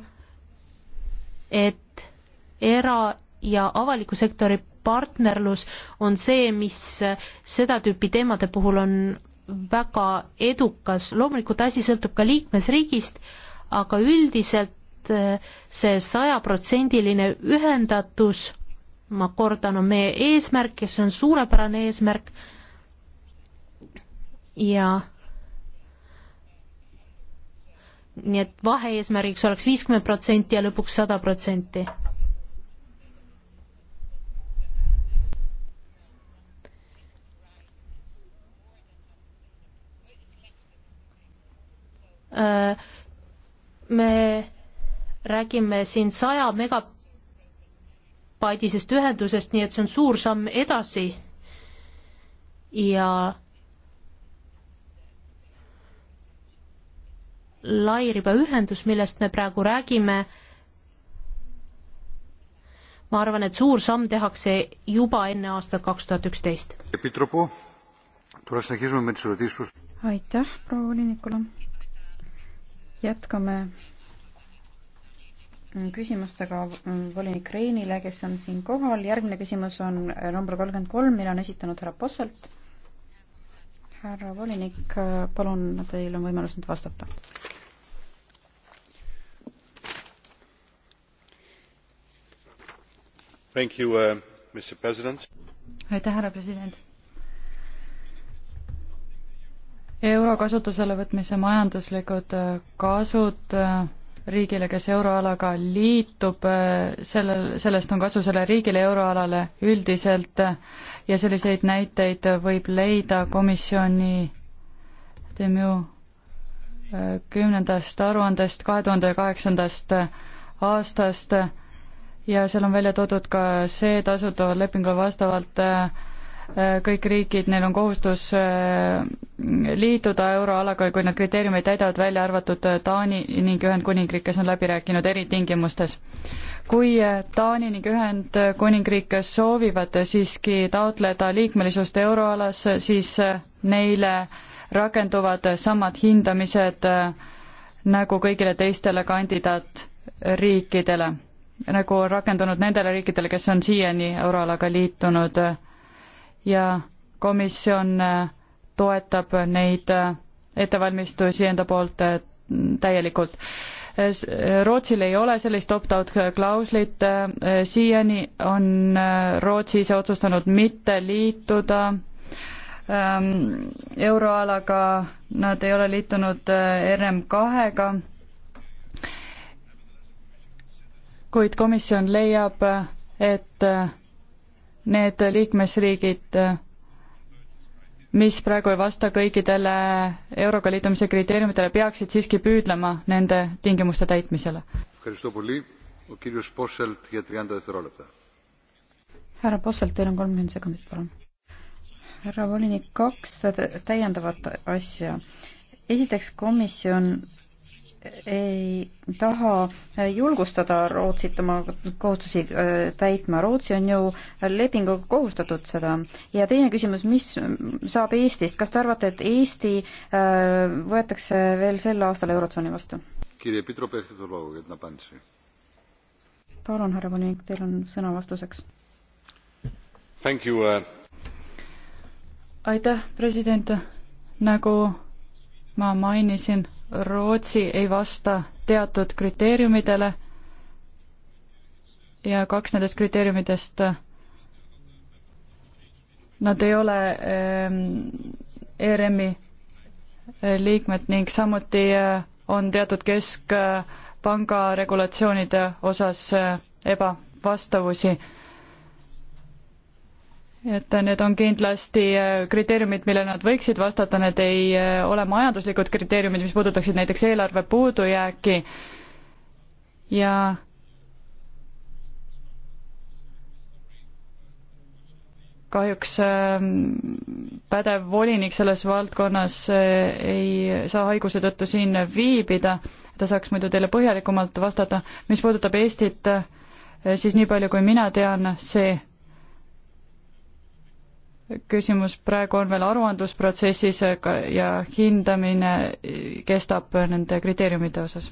S4: et era- ja avaliku sektori partnerlus on see, mis seda tüüpi teemade puhul on väga edukas, loomulikult asi sõltub ka liikmesriigist, aga üldiselt eh, see sajaprotsendiline ühendatus, ma kordan, on meie eesmärk ja see on suurepärane eesmärk ja nii et vaheeesmärgiks oleks viiskümmend protsenti ja lõpuks sada protsenti Äh, me räägime siin saja megabaidisest ühendusest, nii et see on suur samm edasi ja lairibaühendus, millest me praegu räägime, ma arvan, et suur samm tehakse juba enne aastat kaks tuhat üksteist. aitäh,
S1: proua volinikule jätkame mm, küsimustega mm, volinik Reinile, kes on siin kohal. järgmine küsimus on äh, number kolmkümmend kolm, mille on esitanud härra Posselt. härra volinik, äh, palun, teil on võimalus nüüd vastata.
S5: Uh,
S2: aitäh, härra president euro kasutusele võtmise majanduslikud äh, kasud äh, riigile, kes euroalaga liitub, äh, sellel, sellest on kasu selle riigile, euroalale üldiselt ja selliseid näiteid võib leida komisjoni TMÜ kümnendast aruandest, kahe tuhande kaheksandast aastast ja seal on välja toodud ka see tasutav lepingule vastavalt äh, Äh, kõik riigid, neil on kohustus äh, liituda euroalaga, kui nad kriteeriumeid täidavad, välja arvatud äh, Taani ning Ühendkuningriik, kes on läbi rääkinud eritingimustes. kui Taani ning Ühendkuningriik soovivad siiski taotleda liikmelisust euroalas, siis neile rakenduvad samad hindamised nagu kõigile teistele kandidaatriikidele, nagu on rakendunud nendele riikidele, kes on siiani euroalaga liitunud ja komisjon äh, toetab neid äh, ettevalmistusi enda poolt äh, täielikult. Rootsil ei ole sellist opt-out klauslit, siiani on Rootsi ise otsustanud mitte liituda ähm, euroalaga, nad ei ole liitunud RM kahega, kuid komisjon leiab, et need liikmesriigid, mis praegu ei vasta kõikidele euroga liitumise kriteeriumitele, peaksid siiski püüdlema nende tingimuste täitmisele.
S1: härra Posselt, teil on kolmkümmend sekundit, palun. härra volinik, kaks täiendavat asja. esiteks, komisjon ei taha julgustada Rootsit oma kohustusi äh, täitma. Rootsi on ju lepinguga kohustatud seda. ja teine küsimus, mis saab Eestist, kas te arvate, et Eesti äh, võetakse veel sel aastal Eurotsooni vastu? palun, härra Ponik, teil on sõna vastuseks. Uh, aitäh, president. nagu
S2: ma mainisin Rootsi ei vasta teatud kriteeriumidele ja kaks nendest kriteeriumidest, nad ei ole ERM-i ehm, e eh, liikmed ning samuti eh, on teatud keskpanga regulatsioonide osas eh, ebavastavusi et need on kindlasti äh, kriteeriumid, millele nad võiksid vastata, need ei äh, ole majanduslikud kriteeriumid, mis puudutaksid näiteks eelarve puudujääki ja kahjuks ähm, pädev volinik selles valdkonnas äh, ei saa haiguse tõttu siin viibida, ta saaks muidu teile põhjalikumalt vastata. mis puudutab Eestit, siis nii palju, kui mina tean, see küsimus praegu on veel aruandlusprotsessis ja hindamine kestab nende kriteeriumide osas.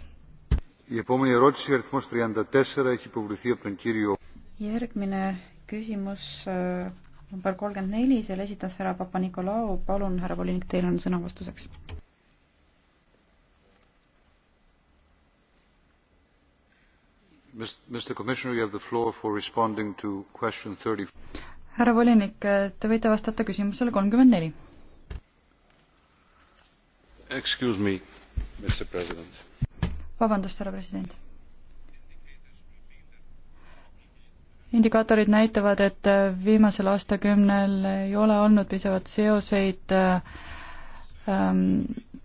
S1: järgmine küsimus äh, number kolmkümmend neli, selle esitas härra Papa-Nikolau, palun, härra volinik, teil on sõna vastuseks.
S3: Mr Commissioner, you have the floor for responding to question thirty 30
S1: härra
S2: volinik, te võite vastata küsimusele kolmkümmend neli.
S5: Excuse me, Mr President.
S2: vabandust, härra president. indikaatorid näitavad, et viimasel aastakümnel ei ole olnud piisavalt seoseid ähm,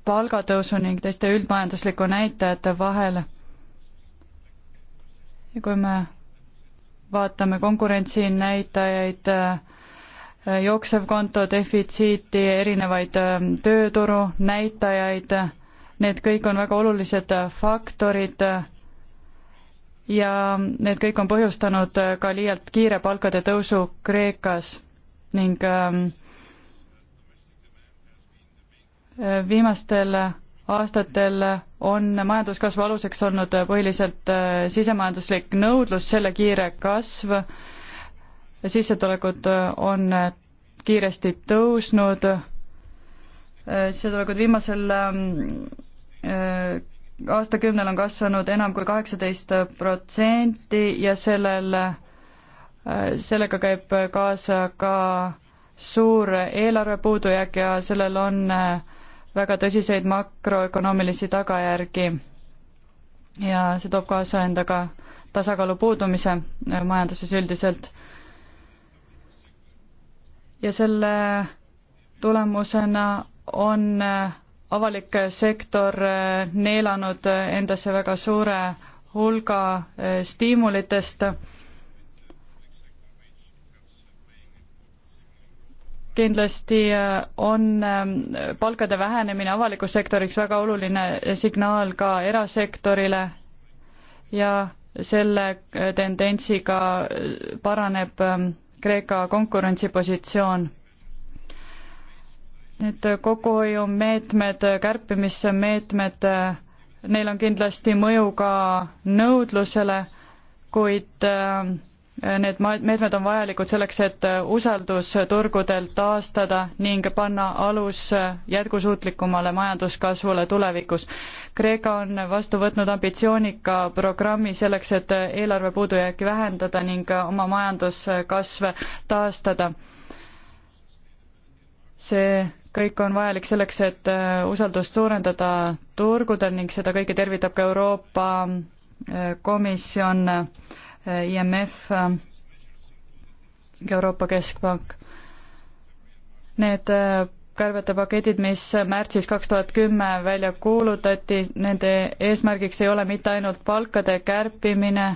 S2: palgatõusu ning teiste üldmajandusliku näitajate vahel. ja kui me vaatame konkurentsinäitajaid, äh, jooksevkonto defitsiiti, erinevaid äh, tööturu näitajaid, need kõik on väga olulised äh, faktorid ja need kõik on põhjustanud ka liialt kiire palkade tõusu Kreekas ning ähm, viimastel aastatel on majanduskasvu aluseks olnud põhiliselt äh, sisemajanduslik nõudlus, selle kiire kasv, sissetulekud äh, on äh, kiiresti tõusnud, sissetulekud viimasel ähm, aastakümnel on kasvanud enam kui kaheksateist protsenti ja sellel, sellega käib kaasa ka suur eelarve puudujääk ja sellel on äh, väga tõsiseid makroökonoomilisi tagajärgi ja see toob kaasa endaga tasakaalu puudumise äh, majanduses üldiselt. ja selle tulemusena on äh, avalik sektor äh, neelanud endasse väga suure hulga stiimulitest kindlasti äh, on ähm, palkade vähenemine avalikus sektoriks väga oluline signaal ka erasektorile ja selle äh, tendentsiga äh, paraneb ähm, Kreeka konkurentsipositsioon. Need kokkuhoiumeetmed, kärpimismeetmed, neil on kindlasti mõju ka nõudlusele, kuid äh, Need meetmed on vajalikud selleks, et usaldus turgudel taastada ning panna alus jätkusuutlikumale majanduskasvule tulevikus. Kreeka on vastu võtnud ambitsioonika programmi selleks, et eelarve puudujääki vähendada ning oma majanduskasv taastada. see kõik on vajalik selleks, et usaldust suurendada turgudel ning seda kõike tervitab ka Euroopa eh, Komisjon IMF, äh, Euroopa Keskpank. Need äh, kärbete paketid, mis märtsis kaks tuhat kümme välja kuulutati, nende eesmärgiks ei ole mitte ainult palkade kärpimine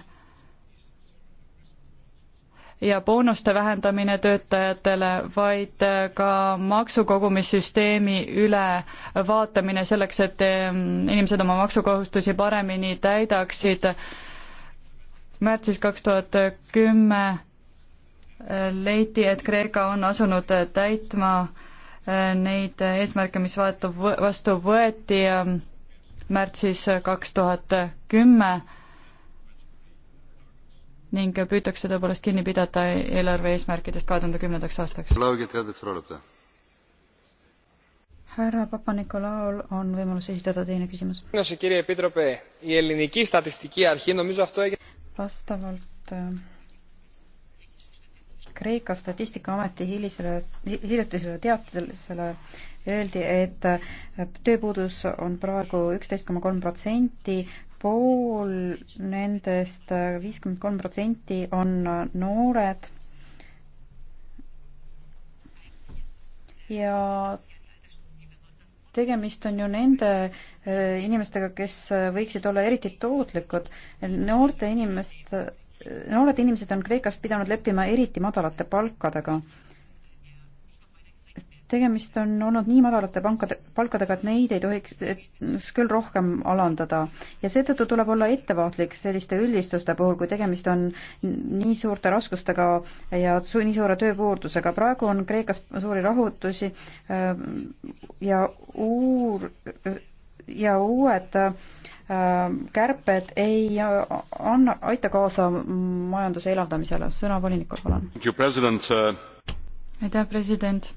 S2: ja boonuste vähendamine töötajatele, vaid äh, ka maksukogumissüsteemi ülevaatamine selleks, et inimesed oma maksukohustusi paremini täidaksid märtsis kaks tuhat kümme äh, leiti, et Kreeka on asunud äh, täitma äh, neid eesmärke, mis vaatu, vastu võeti märtsis kaks tuhat kümme ning püütakse tõepoolest kinni pidada eelarve eesmärkidest kahe tuhande
S1: kümnendaks
S3: aastaks.
S1: härra Papa-Nikolaol on võimalus esitada teine küsimus vastavalt äh, Kreeka statistikaameti hilisele, hiljutisele teatisele öeldi, et äh, tööpuudus on praegu üksteist koma kolm protsenti, pool nendest, äh, viiskümmend kolm protsenti on noored ja tegemist on ju nende eh, inimestega, kes eh, võiksid olla eriti tootlikud. noorte inimeste, noored inimesed on Kreekas pidanud leppima eriti madalate palkadega tegemist on olnud nii madalate pankade, palkadega, et neid ei tohiks küll rohkem alandada. ja seetõttu tuleb olla ettevaatlik selliste üldistuste puhul, kui tegemist on nii suurte raskustega ja su nii suure tööpuudusega. praegu on Kreekas suuri rahutusi äh, ja uur- ja uued äh, kärped ei anna, aita kaasa majanduse elavdamisele. sõna volinikul,
S5: palun.
S1: aitäh, president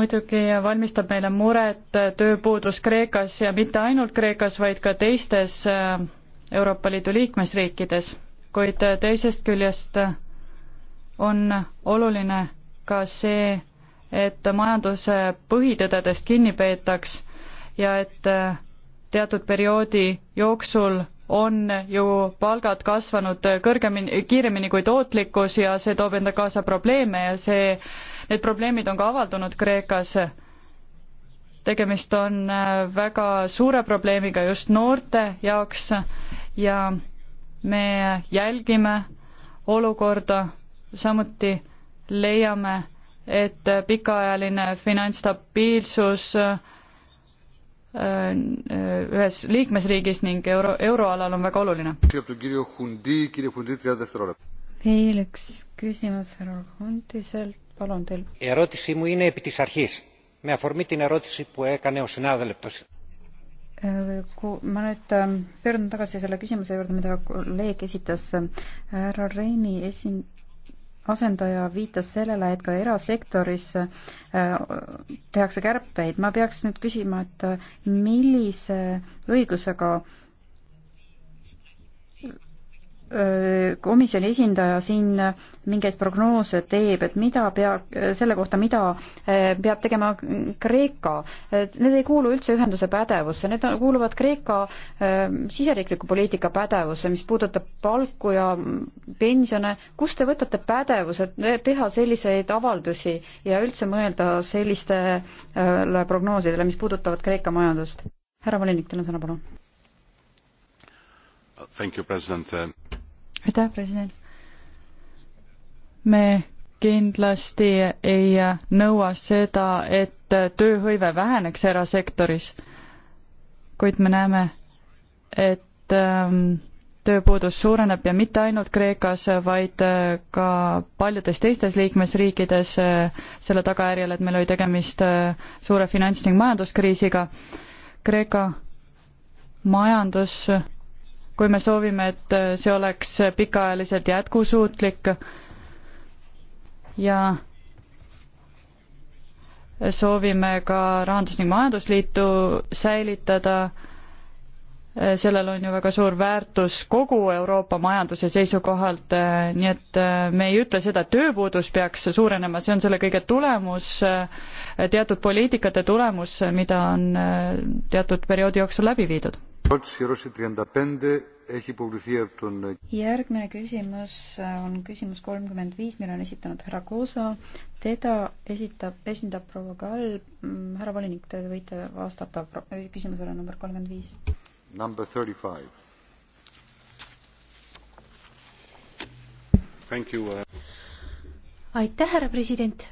S1: muidugi valmistab meile
S2: muret tööpuudus Kreekas ja mitte ainult Kreekas, vaid ka teistes äh, Euroopa Liidu liikmesriikides, kuid äh, teisest küljest äh, on oluline ka see, et majanduse põhitõdedest kinni peetaks ja et teatud perioodi jooksul on ju palgad kasvanud kõrgemini, kiiremini kui tootlikkus ja see toob enda kaasa probleeme ja see äh, Need probleemid on ka avaldunud Kreekas. tegemist on äh, väga suure probleemiga just noorte jaoks ja me jälgime olukorda, samuti leiame, et pikaajaline finantsstabiilsus äh, äh, ühes liikmesriigis ning euro, euroalal on väga oluline.
S1: veel üks küsimus härra Hundiselt palun teil. kui ma nüüd pöördun tagasi selle küsimuse juurde, mida kolleeg esitas, härra Reini esin-, asendaja viitas sellele, et ka erasektoris äh, tehakse kärpeid. ma peaks nüüd küsima, et millise õigusega äh, komisjoni esindaja siin mingeid prognoose teeb, et mida pea, selle kohta, mida peab tegema Kreeka. Need ei kuulu üldse ühenduse pädevusse, need kuuluvad Kreeka siseriikliku poliitika pädevusse, mis puudutab palku ja pensione. kust te võtate pädevuse teha selliseid avaldusi ja üldse mõelda sellistele prognoosidele, mis puudutavad Kreeka majandust? härra volinik, teil on sõna, palun.
S5: Thank you, president
S1: aitäh, president. me
S2: kindlasti ei nõua seda, et tööhõive väheneks erasektoris, kuid me näeme, et ähm, tööpuudus suureneb ja mitte ainult Kreekas, vaid äh, ka paljudes teistes liikmesriikides äh, selle tagajärjel, et meil oli tegemist äh, suure finants- ning majanduskriisiga. Kreeka majandus kui me soovime, et see oleks pikaajaliselt jätkusuutlik ja soovime ka Rahandus- ning Majandusliitu säilitada, sellel on ju väga suur väärtus kogu Euroopa majanduse seisukohalt, nii et me ei ütle seda, et tööpuudus peaks suurenema, see on selle kõige tulemus, teatud poliitikate tulemus,
S1: mida on teatud perioodi jooksul läbi viidud
S3: järgmine
S1: küsimus äh, on küsimus kolmkümmend viis, mille on esitanud härra Koosa. teda esitab, esindab proua Kall. Mm, härra volinik, te võite vastata äh, küsimusele number kolmkümmend viis.
S3: Number thirty five.
S5: Thank you uh....
S4: aitäh, härra president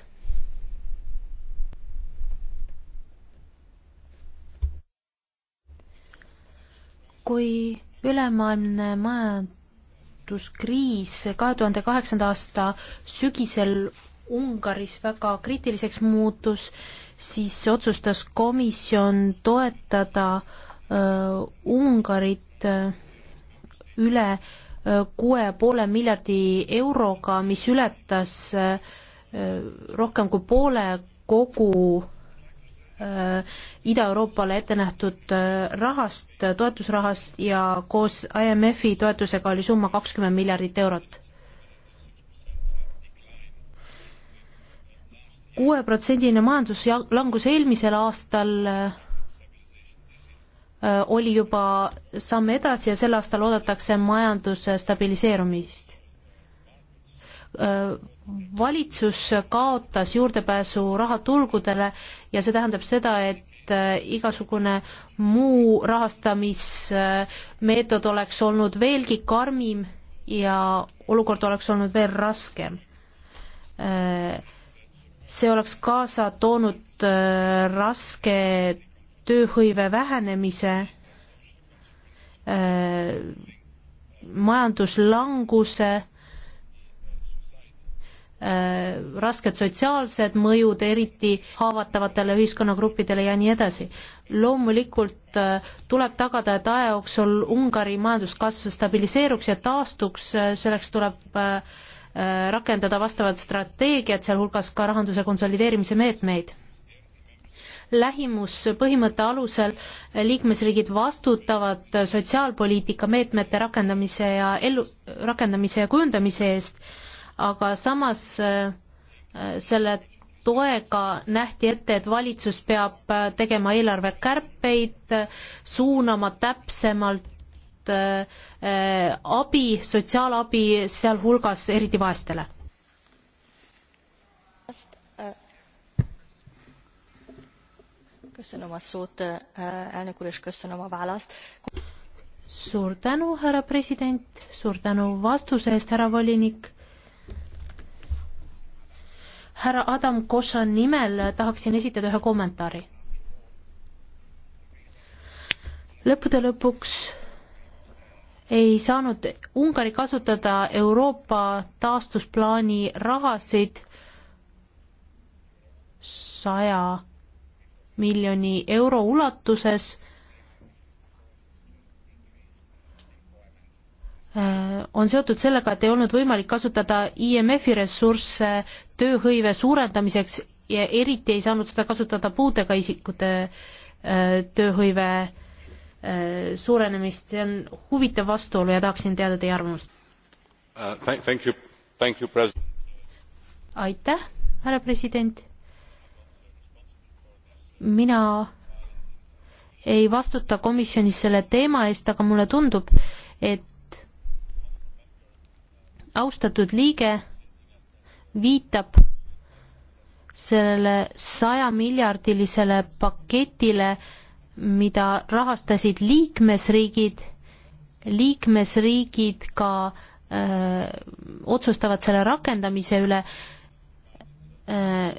S4: kui ülemaailmne majanduskriis kahe tuhande kaheksanda aasta sügisel Ungaris väga kriitiliseks muutus, siis otsustas komisjon toetada äh, Ungarit äh, üle äh, kuue äh, poole miljardi euroga, mis ületas äh, äh rohkem kui poole kogu äh, Äh, Ida-Euroopale ette nähtud äh, rahast, toetusrahast ja koos IMF-i toetusega oli summa kakskümmend miljardit eurot. kuueprotsendine majanduslangus eelmisel aastal äh, oli juba samm edasi ja sel aastal oodatakse majanduse stabiliseerumist Äh, valitsus kaotas juurdepääsu rahaturgudele ja see tähendab seda, et äh, igasugune muu rahastamismeetod oleks olnud veelgi karmim ja olukord oleks olnud veel raskem. Äh, see oleks kaasa toonud raske tööhõive vähenemise, majanduslanguse Äh, rasked sotsiaalsed mõjud, eriti haavatavatele ühiskonnagruppidele ja nii edasi. loomulikult äh, tuleb tagada, et aja jooksul Ungari majanduskasv stabiliseeruks ja taastuks, äh, selleks tuleb rakendada vastavad strateegiad, sealhulgas ka rahanduse konsolideerimise meetmeid lähimuspõhimõtte alusel liikmesriigid vastutavad sotsiaalpoliitika meetmete rakendamise ja ellu, rakendamise ja kujundamise eest äh, aga samas äh, selle toega nähti ette, et valitsus peab äh, tegema eelarvekärpeid, suunama täpsemalt äh, abi, sotsiaalabi, sealhulgas eriti vaestele. köszönöm a szót, elnök úr, és köszönöm a választ. suur tänu, härra president, suur tänu vastuse eest, härra volinik härra Adam Koša nimel tahaksin esitada ühe kommentaari. lõppude lõpuks ei saanud Ungari kasutada Euroopa taastusplaani rahasid saja miljoni euro ulatuses on seotud sellega, et ei olnud võimalik kasutada IMF-i ressursse tööhõive suurendamiseks ja eriti ei saanud seda kasutada puudega isikute äh, tööhõive äh, suurenemist, see on huvitav vastuolu ja tahaksin teada teie arvamust
S5: uh,.
S4: aitäh, härra president. mina ei vastuta komisjonis selle teema eest, aga mulle tundub, et austatud liige viitab sellele sajamiljardilisele paketile, mida rahastasid liikmesriigid, liikmesriigid ka öö, äh, otsustavad selle rakendamise üle. Äh,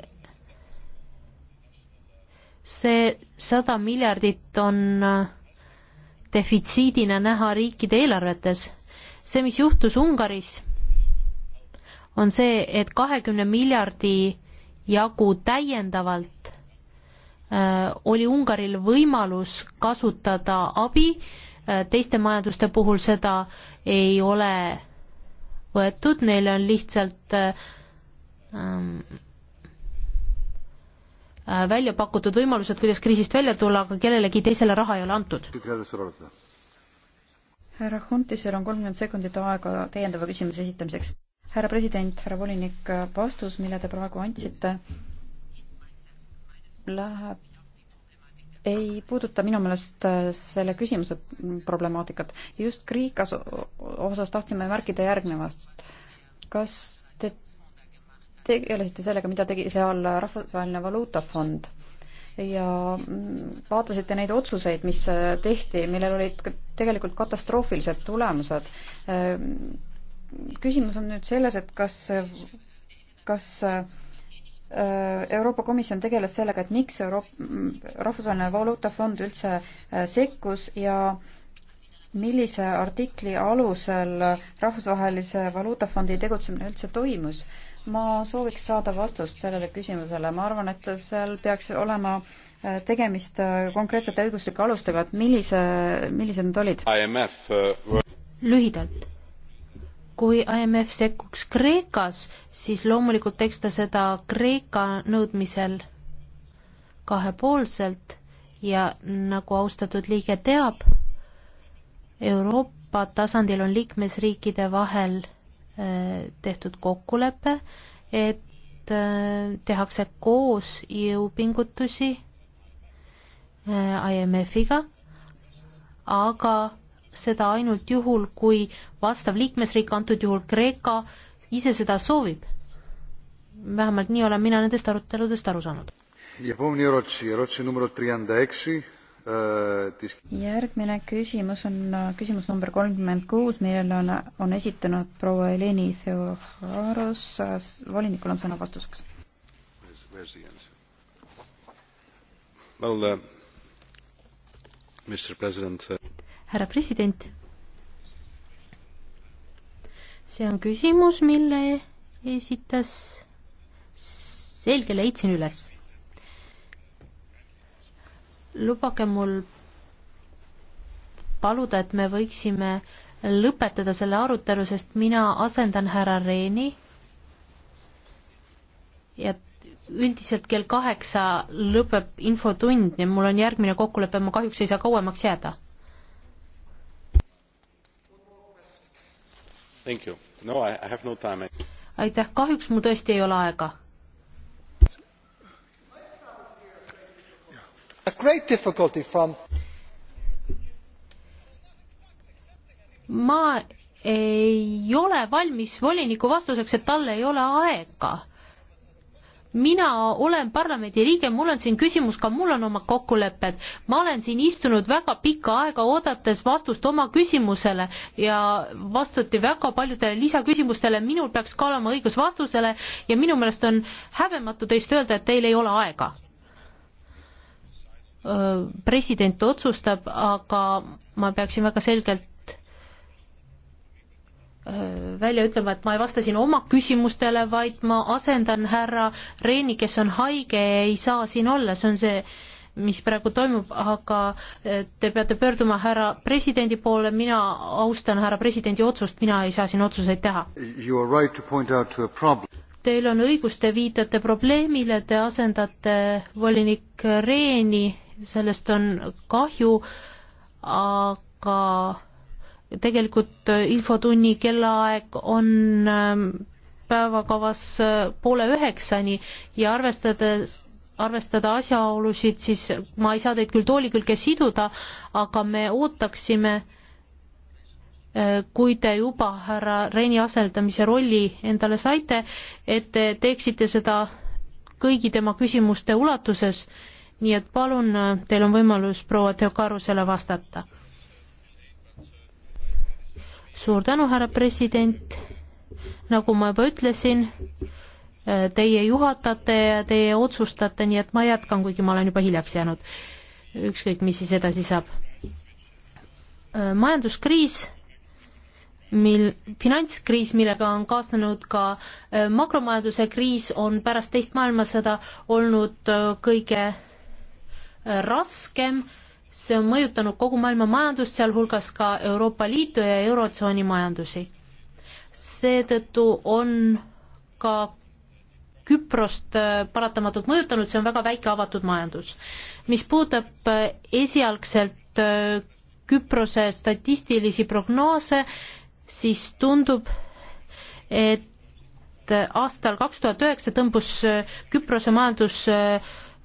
S4: see sada miljardit on äh, defitsiidina näha riikide eelarvetes. see, mis juhtus Ungaris on see, et kahekümne miljardi jagu täiendavalt äh, oli Ungaril võimalus kasutada abi äh,, teiste majanduste puhul seda ei ole võetud, neile on lihtsalt äh, ähm, äh, välja pakutud võimalused, kuidas kriisist välja tulla, aga kellelegi teisele raha ei ole antud.
S1: härra Huntisel on kolmkümmend sekundit aega täiendava küsimuse esitamiseks härra president, härra volinik, vastus, mille te praegu andsite, läheb ei puuduta minu meelest äh, selle küsimuse problemaatikat. just Kreekas osas tahtsime märkida järgnevast. kas te tegelesite sellega, mida tegi seal Rahvusvaheline Valuutafond ja mm, vaatasite neid otsuseid, mis äh, tehti, millel olid tegelikult katastroofilised tulemused äh, küsimus on nüüd selles, et kas, kas äh, Euroopa Komisjon tegeles sellega, et miks Euroop-, Rahvusvaheline Valuutafond üldse äh, sekkus ja millise artikli alusel Rahvusvahelise Valuutafondi tegutsemine üldse toimus? ma sooviks saada vastust sellele küsimusele, ma arvan, et seal peaks olema äh, tegemist konkreetsete õiguslike alustega, et millise, millised need olid? lühidalt kui IMF sekkuks Kreekas, siis loomulikult
S4: teeks ta seda Kreeka nõudmisel kahepoolselt ja nagu austatud liige teab, Euroopa tasandil on liikmesriikide vahel äh, tehtud kokkulepe, et äh, tehakse koos jõupingutusi äh, IMF-iga, aga seda ainult juhul, kui vastav liikmesriik, antud juhul Kreeka, ise seda soovib. vähemalt nii olen mina nendest aruteludest aru saanud.
S3: Äh,
S1: järgmine küsimus on küsimus number kolmkümmend kuus, millele on, on esitanud proua Eleni Theoharos, volinikul on sõna vastuseks.
S5: Well, uh, Mr. President. Uh
S4: härra president. see on küsimus, mille esitas, selge, leidsin üles. lubage mul paluda, et me võiksime lõpetada selle arutelu, sest mina asendan härra Reeni ja üldiselt kell kaheksa lõpeb infotund ja mul on järgmine kokkulepe, ma kahjuks ei saa kauemaks jääda
S5: No, no
S4: aitäh, kahjuks mul tõesti ei ole
S3: aega. From... ma
S4: ei ole valmis voliniku vastuseks, et tal ei ole aega mina olen parlamendi liige, mul on siin küsimus, ka mul on oma kokkulepped. ma olen siin istunud väga pikka aega, oodates vastust oma küsimusele ja vastati väga paljudele lisaküsimustele, minul peaks ka olema õigus vastusele ja minu meelest on häbematu teist öelda, et teil ei ole aega. president otsustab, aga ma peaksin väga selgelt välja ütlema, et ma ei vasta siin oma küsimustele, vaid ma asendan härra Reini, kes on haige ja ei saa siin olla, see on see, mis praegu toimub, aga e, te peate pöörduma härra presidendi poole, mina austan härra presidendi otsust, mina ei saa siin otsuseid teha.
S3: Right
S4: Teil on õigus, te viitate probleemile, te asendate volinik Reeni, sellest on kahju, aga tegelikult äh, infotunni kellaaeg on ähm, päevakavas äh, poole üheksani ja arvestades arvestada asjaolusid, siis ma ei saa teid küll tooli külge siduda, aga me ootaksime, äh, kui te juba härra Reini asendamise rolli endale saite, et te teeksite seda kõigi tema küsimuste ulatuses, nii et palun, teil on võimalus proua Teokarusele vastata suur tänu, härra president. nagu ma juba ütlesin, äh, teie juhatate ja teie otsustate, nii et ma jätkan, kuigi ma olen juba hiljaks jäänud. ükskõik, mis siis edasi saab. Äh, majanduskriis, mil, finantskriis, millega on kaasnenud ka äh, makromajanduse kriis, on pärast teist maailmasõda olnud kõige raskem äh, see on mõjutanud kogu maailma majandust, sealhulgas ka Euroopa Liitu ja Eurotsooni majandusi. seetõttu on ka Küprost äh, paratamatult mõjutanud, see on väga väike avatud majandus. mis puudutab äh, esialgselt äh, Küprose statistilisi prognoose, siis tundub, et aastal kaks tuhat üheksa tõmbus Küprose majandus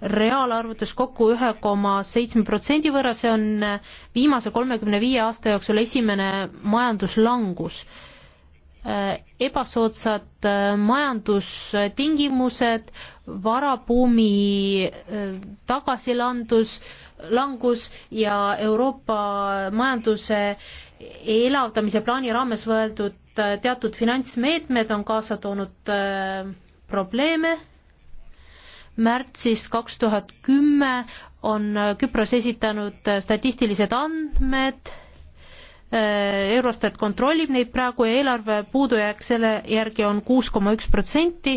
S4: reaalarvutus kokku ühe koma seitsme protsendi võrra, see on viimase kolmekümne viie aasta jooksul esimene majanduslangus. ebasoodsad majandustingimused, varabuumi tagasilandus, langus ja Euroopa majanduse elavdamise plaani raames võetud teatud finantsmeetmed on kaasa toonud äh, probleeme märtsis kaks tuhat kümme on äh, Küpros esitanud äh, statistilised andmed, äh, Eurostat kontrollib neid praegu ja eelarve puudujääk selle järgi on kuus koma üks protsenti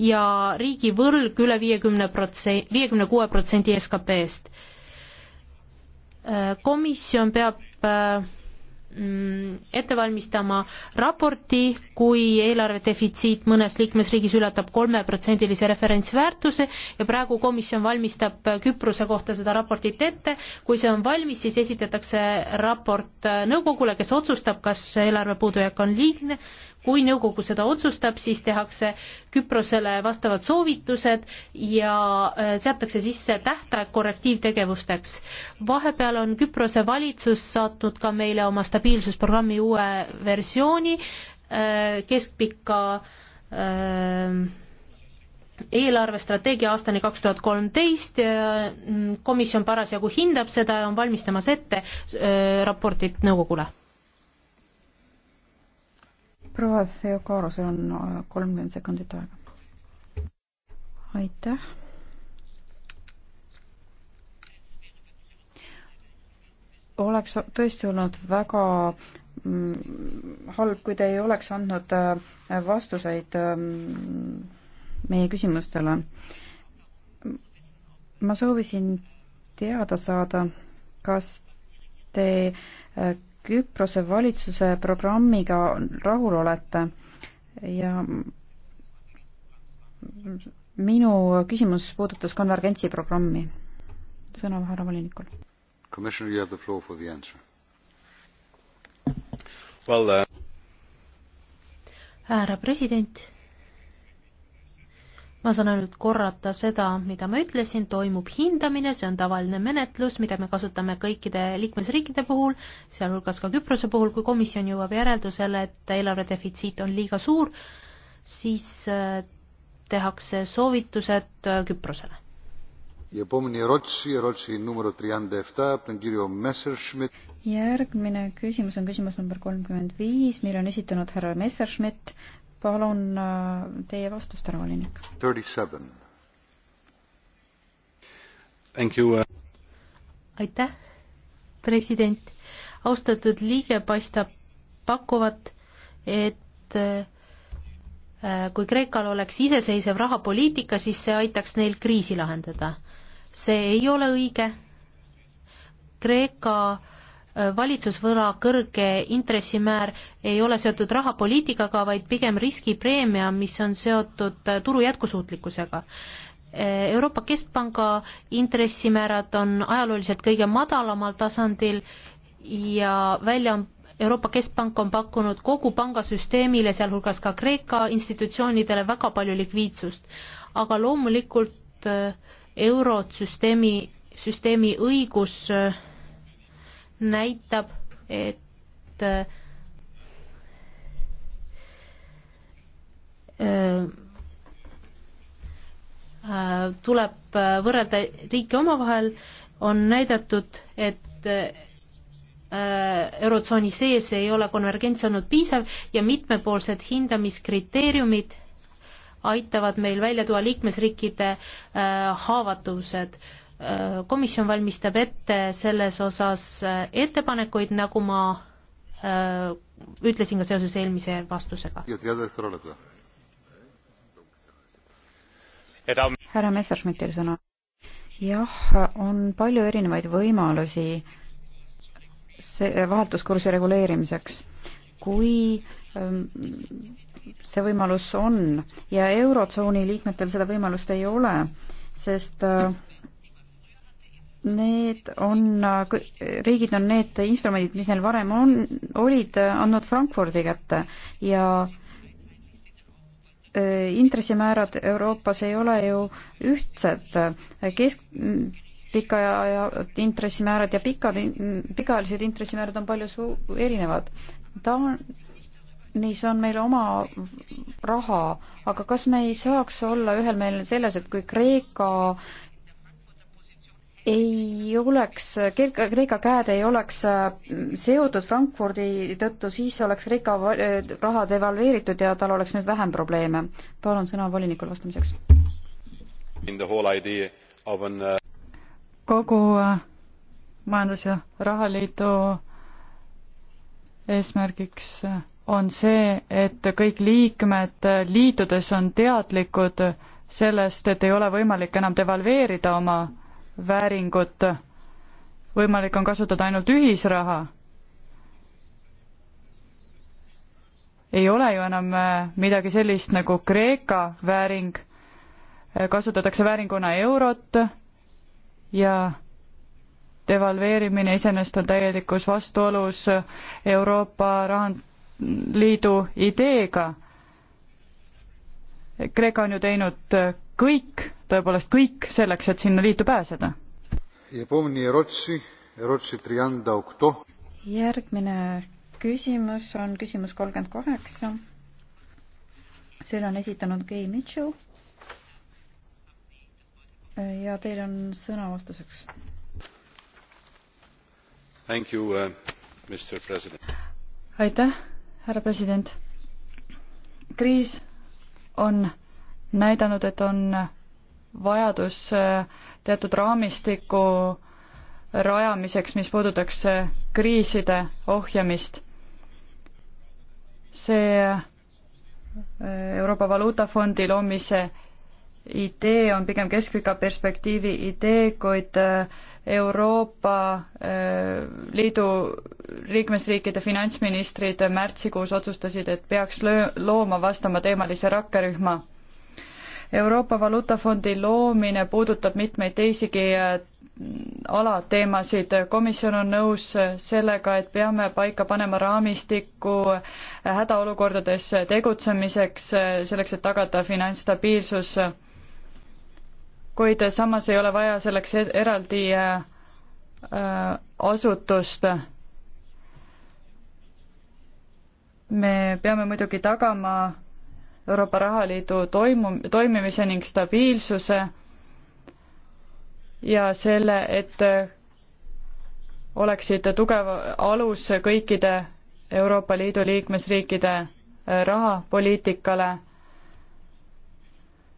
S4: ja riigivõlg üle viiekümne protsendi, viiekümne kuue protsendi SKP-st. SKP komisjon peab Mm, ette valmistama raporti, kui eelarve defitsiit mõnes liikmesriigis ületab kolmeprotsendilise referentsväärtuse ja praegu komisjon valmistab Küprose kohta seda raportit ette, kui see on valmis, siis esitatakse raport nõukogule, kes otsustab, kas eelarve puudujääk on liigne kui nõukogu seda otsustab, siis tehakse Küprosele vastavad soovitused ja äh, seatakse sisse tähtaeg korrektiivtegevusteks. vahepeal on Küprose valitsus saatnud ka meile oma stabiilsusprogrammi uue versiooni äh, keskpika äh, eelarvestrateegia aastani kaks tuhat kolmteist, mm, komisjon parasjagu hindab seda ja on valmistamas ette
S1: raportit nõukogule proua Theokaru, sul on äh, kolmkümmend sekundit aega. aitäh. oleks tõesti olnud väga mm, halb, kui te ei oleks andnud äh, vastuseid ähm, meie küsimustele. ma soovisin teada saada, kas te äh, Küprose valitsuse programmiga rahul olete ja minu küsimus puudutas konvergentsi programmi. sõna härra volinikul.
S3: Commissioner, you have the floor for the answer.
S5: Well, uh...
S1: härra
S4: president ma saan ainult korrata seda, mida ma ütlesin, toimub hindamine, see on tavaline menetlus, mida me kasutame kõikide liikmesriikide puhul, sealhulgas ka Küprose puhul, kui komisjon jõuab järeldusele, et eelarve defitsiit on liiga suur, siis äh, tehakse soovitused äh, Küprosele.
S1: järgmine küsimus on küsimus number kolmkümmend viis, mille on esitanud härra Messerschmidt palun äh, teie vastust, härra volinik. Uh, aitäh, president.
S4: austatud liige paistab pakuvat, et äh, kui Kreekal oleks iseseisev rahapoliitika, siis see aitaks neil kriisi lahendada. see ei ole õige. Kreeka valitsusvõla kõrge intressimäär ei ole seotud rahapoliitikaga, vaid pigem riskipreemia, mis on seotud äh, turu jätkusuutlikkusega. Äh, Euroopa Keskpanga intressimäärad on ajalooliselt kõige madalamal tasandil ja välja on Euroopa Keskpank on pakkunud kogu pangasüsteemile, sealhulgas ka Kreeka institutsioonidele väga palju likviidsust. aga loomulikult äh, eurotsüsteemi, süsteemi õigus äh, näitab, et äh, äh, tuleb võrrelda riike omavahel, on näidatud, et äh, eurotsooni sees ei ole konvergents olnud piisav ja mitmepoolsed hindamiskriteeriumid aitavad meil välja tuua liikmesriikide haavatavused äh, komisjon valmistab ette selles osas äh, ettepanekuid, nagu ma öö, äh, ütlesin ka seoses eelmise vastusega.
S1: härra Messerschmittil sõna. jah, on palju erinevaid võimalusi see äh, vahetuskursi reguleerimiseks. kui öö, ähm, see võimalus on ja Eurotsooni liikmetel seda võimalust ei ole, sest äh, Need on, riigid on need instrumendid, mis neil varem on, olid andnud Frankfurdi kätte ja äh, intressimäärad Euroopas ei ole ju ühtsed. kesk, pikaajad intressimäärad ja pikad, pikaajalised intressimäärad on palju su-, erinevad. Taanis on meil oma raha, aga kas me ei saaks olla ühel meelel selles, et kui Kreeka ei oleks, Kreeka käed ei oleks äh, seotud Frankfurdi tõttu, siis oleks Kreeka äh, raha devalveeritud ja tal oleks nüüd vähem probleeme. palun sõna volinikul vastamiseks.
S5: An... Uh,
S1: kogu äh, majandus- ja rahaliidu
S2: eesmärgiks on see, et kõik liikmed liitudes on teadlikud sellest, et ei ole võimalik enam devalveerida oma vääringut. võimalik on kasutada ainult ühisraha. ei ole ju enam äh, midagi sellist nagu Kreeka vääring, äh, kasutatakse vääringuna eurot ja devalveerimine iseenesest on täielikus vastuolus äh, Euroopa Rahandusliidu ideega. Kreeka on ju teinud kõik tõepoolest kõik selleks, et sinna liitu pääseda?
S1: järgmine küsimus on küsimus kolmkümmend kaheksa. selle on esitanud Gay Mitchell. ja teil on sõna vastuseks.
S5: Uh,
S1: aitäh, härra president.
S2: kriis on näidanud, et on vajadus eh, teatud raamistiku rajamiseks, mis puudutaks eh, kriiside ohjamist. see eh, Euroopa Valuutafondi loomise idee on pigem keskpika perspektiivi idee, kuid Euroopa Liidu liikmesriikide finantsministrid märtsikuus otsustasid, et peaks löö-, looma vastama teemalise rakkerühma Euroopa Valuutafondi loomine puudutab mitmeid teisigi äh, alateemasid. komisjon on nõus äh, sellega, et peame paika panema raamistiku äh, hädaolukordades tegutsemiseks, selleks et tagada finantsstabiilsus. kuid samas ei ole vaja selleks e-, eraldi asutust. me peame muidugi tagama Euroopa Rahaliidu toimu-, toimimise ning stabiilsuse ja selle, et oleksid tugev alus kõikide Euroopa Liidu liikmesriikide äh, rahapoliitikale.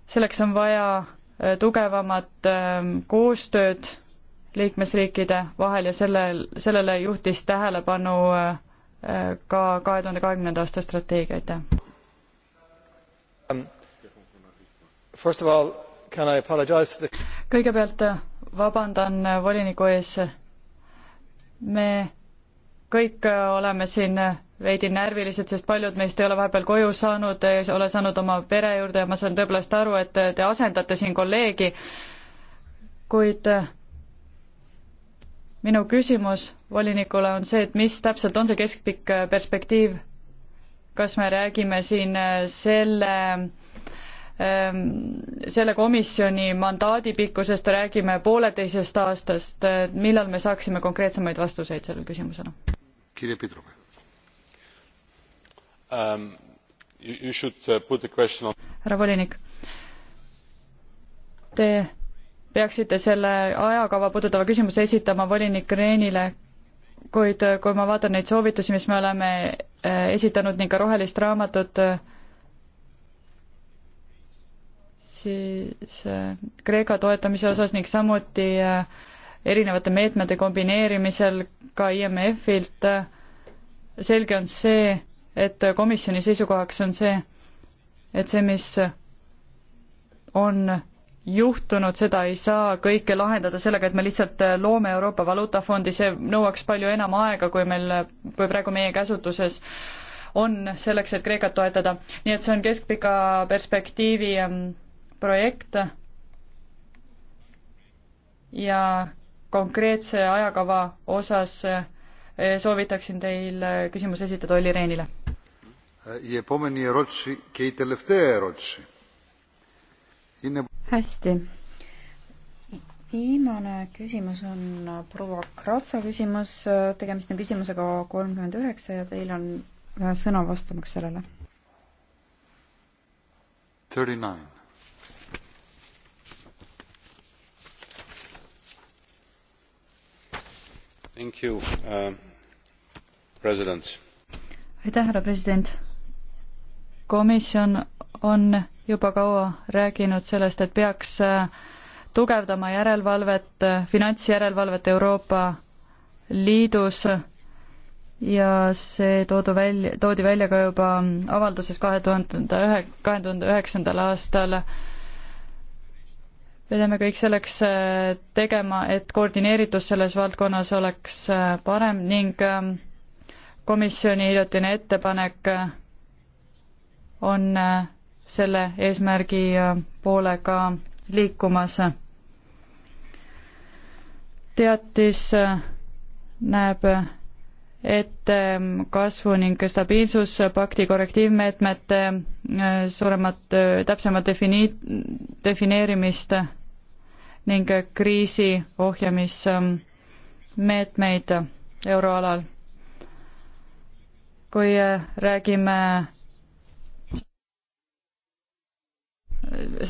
S2: selleks on vaja äh, tugevamat ähm, koostööd liikmesriikide vahel ja sellel, sellele juhtis tähelepanu äh, ka kahe tuhande kahekümnenda aasta strateegia, aitäh! kõigepealt äh, vabandan äh, voliniku ees. me kõik äh, oleme siin veidi närvilised, sest paljud meist ei ole vahepeal koju saanud, ei ole saanud oma pere juurde ja ma saan tõepoolest aru, et te asendate siin kolleegi, kuid minu küsimus volinikule on see, et mis täpselt on see keskpikk perspektiiv, kas me räägime siin selle Ehm, selle komisjoni mandaadi pikkusest räägime pooleteisest aastast, ehm, millal me saaksime konkreetsemaid vastuseid sellele küsimusele?
S5: Kirje Pidrup um,.
S2: härra volinik, te peaksite selle ajakava puudutava küsimuse esitama volinik Rehnile, kuid äh, kui ma vaatan neid soovitusi, mis me oleme äh, esitanud ning ka rohelist raamatut, siis äh, Kreeka toetamise osas ning samuti äh, erinevate meetmete kombineerimisel ka IMF-ilt. Äh, selge on see, et komisjoni seisukohaks on see, et see, mis on juhtunud, seda ei saa kõike lahendada sellega, et me lihtsalt loome Euroopa Valuutafondi, see nõuaks palju enam aega, kui meil, kui praegu meie käsutuses on selleks, et Kreekat toetada. nii et see on keskpika perspektiivi ähm, projekt ja konkreetse ajakava osas eh, soovitaksin teil eh, küsimus esitada Olli Rehnile.
S1: hästi. viimane küsimus on eh, proua Kratsa küsimus, tegemist on küsimusega kolmkümmend üheksa ja teil on sõna vastamaks sellele.
S5: Thirty nine. Uh,
S2: aitäh, härra president! komisjon on juba kaua rääkinud sellest, et peaks äh, tugevdama järelevalvet, äh, finantsjärelevalvet Euroopa Liidus ja see toodu välja, toodi välja ka juba avalduses kahe tuhande ühe, kahe tuhande üheksandal aastal me peame kõik selleks äh, tegema, et koordineeritus selles valdkonnas oleks äh, parem ning ähm, komisjoni hiljutine ettepanek äh, on selle eesmärgi poole ka liikumas. teatis näeb ette ähm, kasvu ning stabiilsuspakti korrektiivmeetmete suuremat, täpsemat defini-, defineerimist ning kriisi ohjamismeetmeid euroalal. kui räägime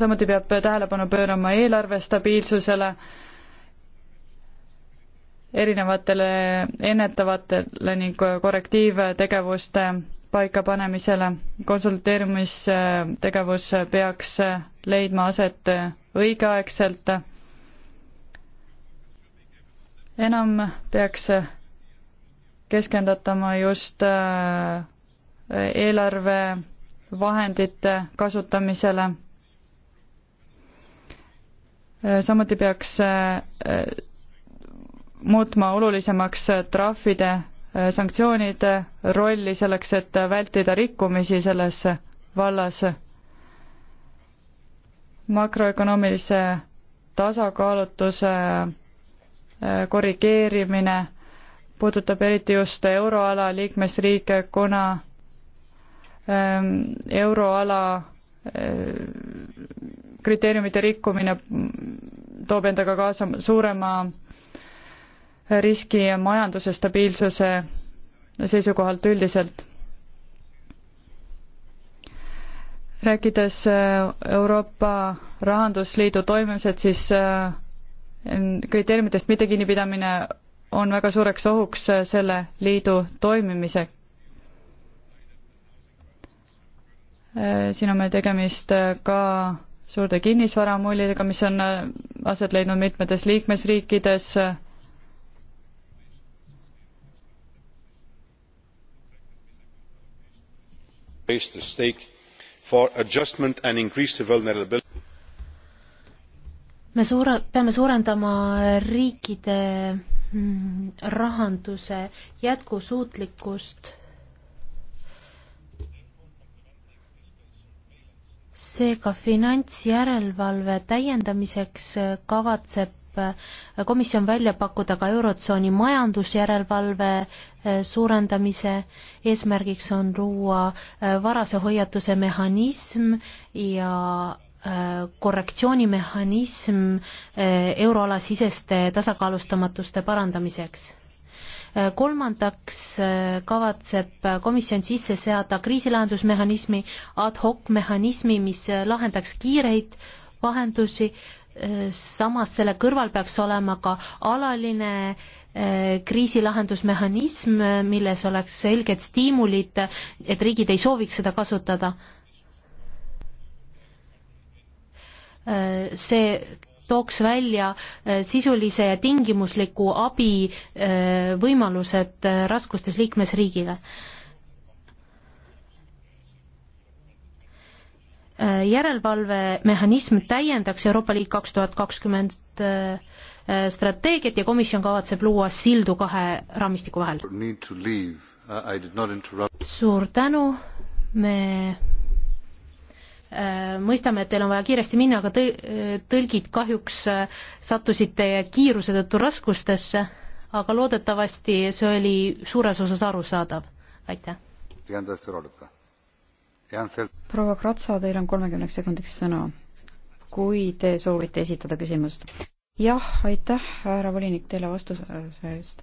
S2: samuti peab tähelepanu pöörama eelarve stabiilsusele, erinevatele ennetavatele ning korrektiivtegevuste paikapanemisele. konsulteerumistegevus peaks leidma aset õigeaegselt enam peaks keskendutama just äh, eelarvevahendite kasutamisele. Äh, samuti peaks äh, muutma olulisemaks trahvide, sanktsioonide rolli selleks, et vältida rikkumisi selles vallas. makroökonoomilise tasakaalutuse Äh, korrigeerimine puudutab eriti just euroala liikmesriike, kuna ähm, euroala äh, kriteeriumite rikkumine toob endaga kaasa suurema riski majanduse stabiilsuse seisukohalt üldiselt. rääkides äh, Euroopa Rahandusliidu toimimised, siis kriteeriumitest mitte kinnipidamine on väga suureks ohuks selle liidu toimimise. siin on meil tegemist ka suurte kinnisvaramullidega, mis on aset leidnud mitmetes liikmesriikides.
S5: stake for adjustment and increase the vulnerability
S4: me suure, peame suurendama riikide mm, rahanduse jätkusuutlikkust. seega finantsjärelevalve täiendamiseks äh, kavatseb äh, komisjon välja pakkuda ka Eurotsooni majandusjärelevalve äh, suurendamise, eesmärgiks on luua varase hoiatuse mehhanism ja Äh, korrektsioonimehhanism äh, euroala siseste tasakaalustamatuste parandamiseks. Äh, kolmandaks kavatseb komisjon sisse seada kriisilahendusmehhanismi, ad hoc mehhanismi, mis lahendaks kiireid vahendusi, samas selle kõrval peaks olema ka alaline kriisilahendusmehhanism, milles oleks selged stiimulid, et riigid ei sooviks seda kasutada see tooks välja sisulise ja tingimusliku abi võimalused raskustes liikmesriigile. järelevalvemehhanism täiendaks Euroopa Liit kaks tuhat kakskümmend strateegiat ja komisjon kavatseb luua sildu kahe raamistiku vahel. suur tänu, me Äh, mõistame, et teil on vaja kiiresti minna, aga äh, tõlgid kahjuks äh, sattusid teie kiiruse tõttu raskustesse, aga loodetavasti see oli suures osas
S1: arusaadav. aitäh. proua Kratsa, teil on kolmekümneks sekundiks sõna, kui te soovite esitada küsimust. jah, aitäh, härra volinik, teile vastuse eest.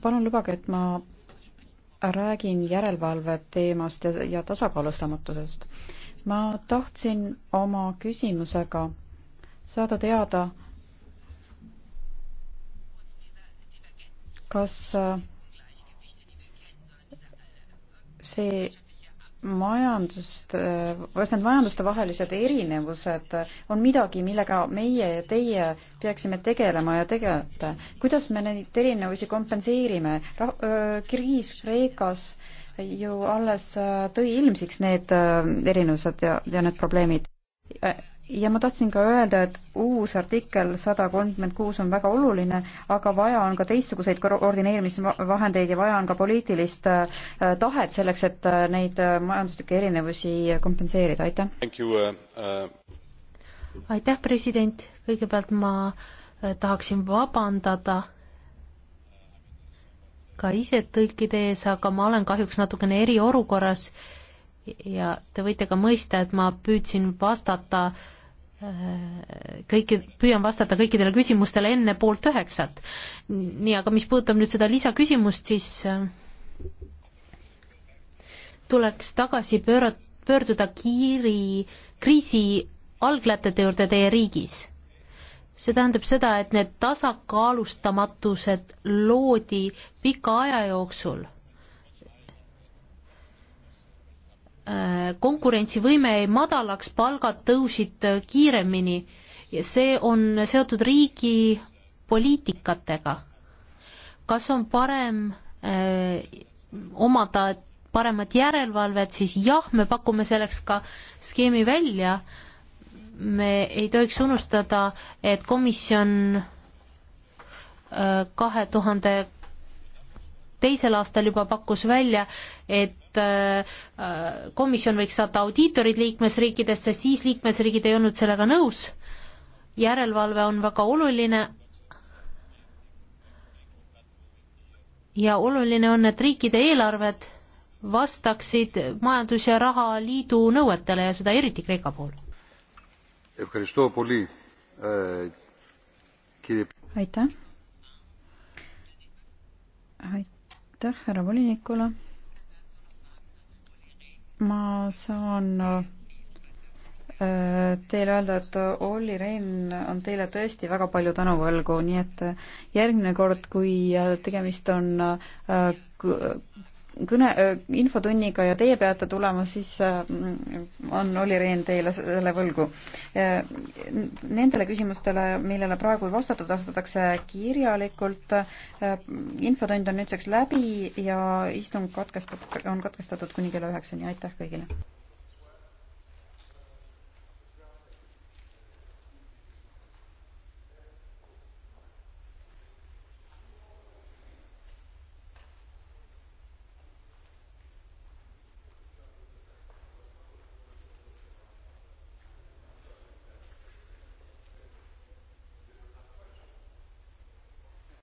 S1: palun lubage, et ma räägin järelevalve teemast ja, ja tasakaalustamatusest ma tahtsin oma küsimusega saada teada, kas äh, see majandust, äh, kas need majanduste vahelised erinevused on midagi, millega meie ja teie peaksime tegelema ja tegelete? kuidas me neid erinevusi kompenseerime? Äh, kriis Kreekas äh, ju alles äh, tõi ilmsiks need äh, erinevused ja, ja need probleemid. ja ma tahtsin ka öelda, et uus artikkel sada kolmkümmend kuus on väga oluline, aga vaja on ka teistsuguseid koordineerimisvahendeid ja vaja on ka poliitilist äh, tahet selleks, et neid majanduslikke erinevusi kompenseerida,
S5: aitäh!
S1: aitäh, president, kõigepealt ma
S4: tahaksin vabandada ka ise tõlkide ees, aga ma olen kahjuks natukene eriolukorras ja te võite ka mõista, et ma püüdsin vastata äh, kõiki, püüan vastata kõikidele küsimustele enne poolt üheksat. nii, aga mis puudutab nüüd seda lisaküsimust, siis äh, tuleks tagasi pööra-, pöörduda kiiri, kriisi alglätete juurde teie riigis see tähendab seda, et need tasakaalustamatused loodi pika aja jooksul. konkurentsivõime jäi madalaks, palgad tõusid kiiremini ja see on seotud riigi poliitikatega. kas on parem öö, eh, omada paremat järelevalvet, siis jah, me pakume selleks ka skeemi välja me ei tohiks unustada, et komisjon äh, kahe tuhande teisel aastal juba pakkus välja, et äh, äh, komisjon võiks saata audiitorid liikmesriikidesse, siis liikmesriigid ei olnud sellega nõus. järelevalve on väga oluline. ja oluline on, et riikide eelarved vastaksid Majandus- ja Rahaliidu nõuetele ja seda
S1: eriti Kreeka puhul aitäh. aitäh härra volinikule. ma saan äh, teile öelda, et Olli Rehn on teile tõesti väga palju tänuvõlgu, nii et järgmine kord, kui äh, tegemist on äh, kõne, infotunniga ja teie peate tulema, siis on Olli Rehn teile selle võlgu. Nendele küsimustele, millele praegu ei vastatud, vastatakse kirjalikult. infotund on nüüdseks läbi ja istung katkestab, on katkestatud kuni kella üheksani, aitäh kõigile!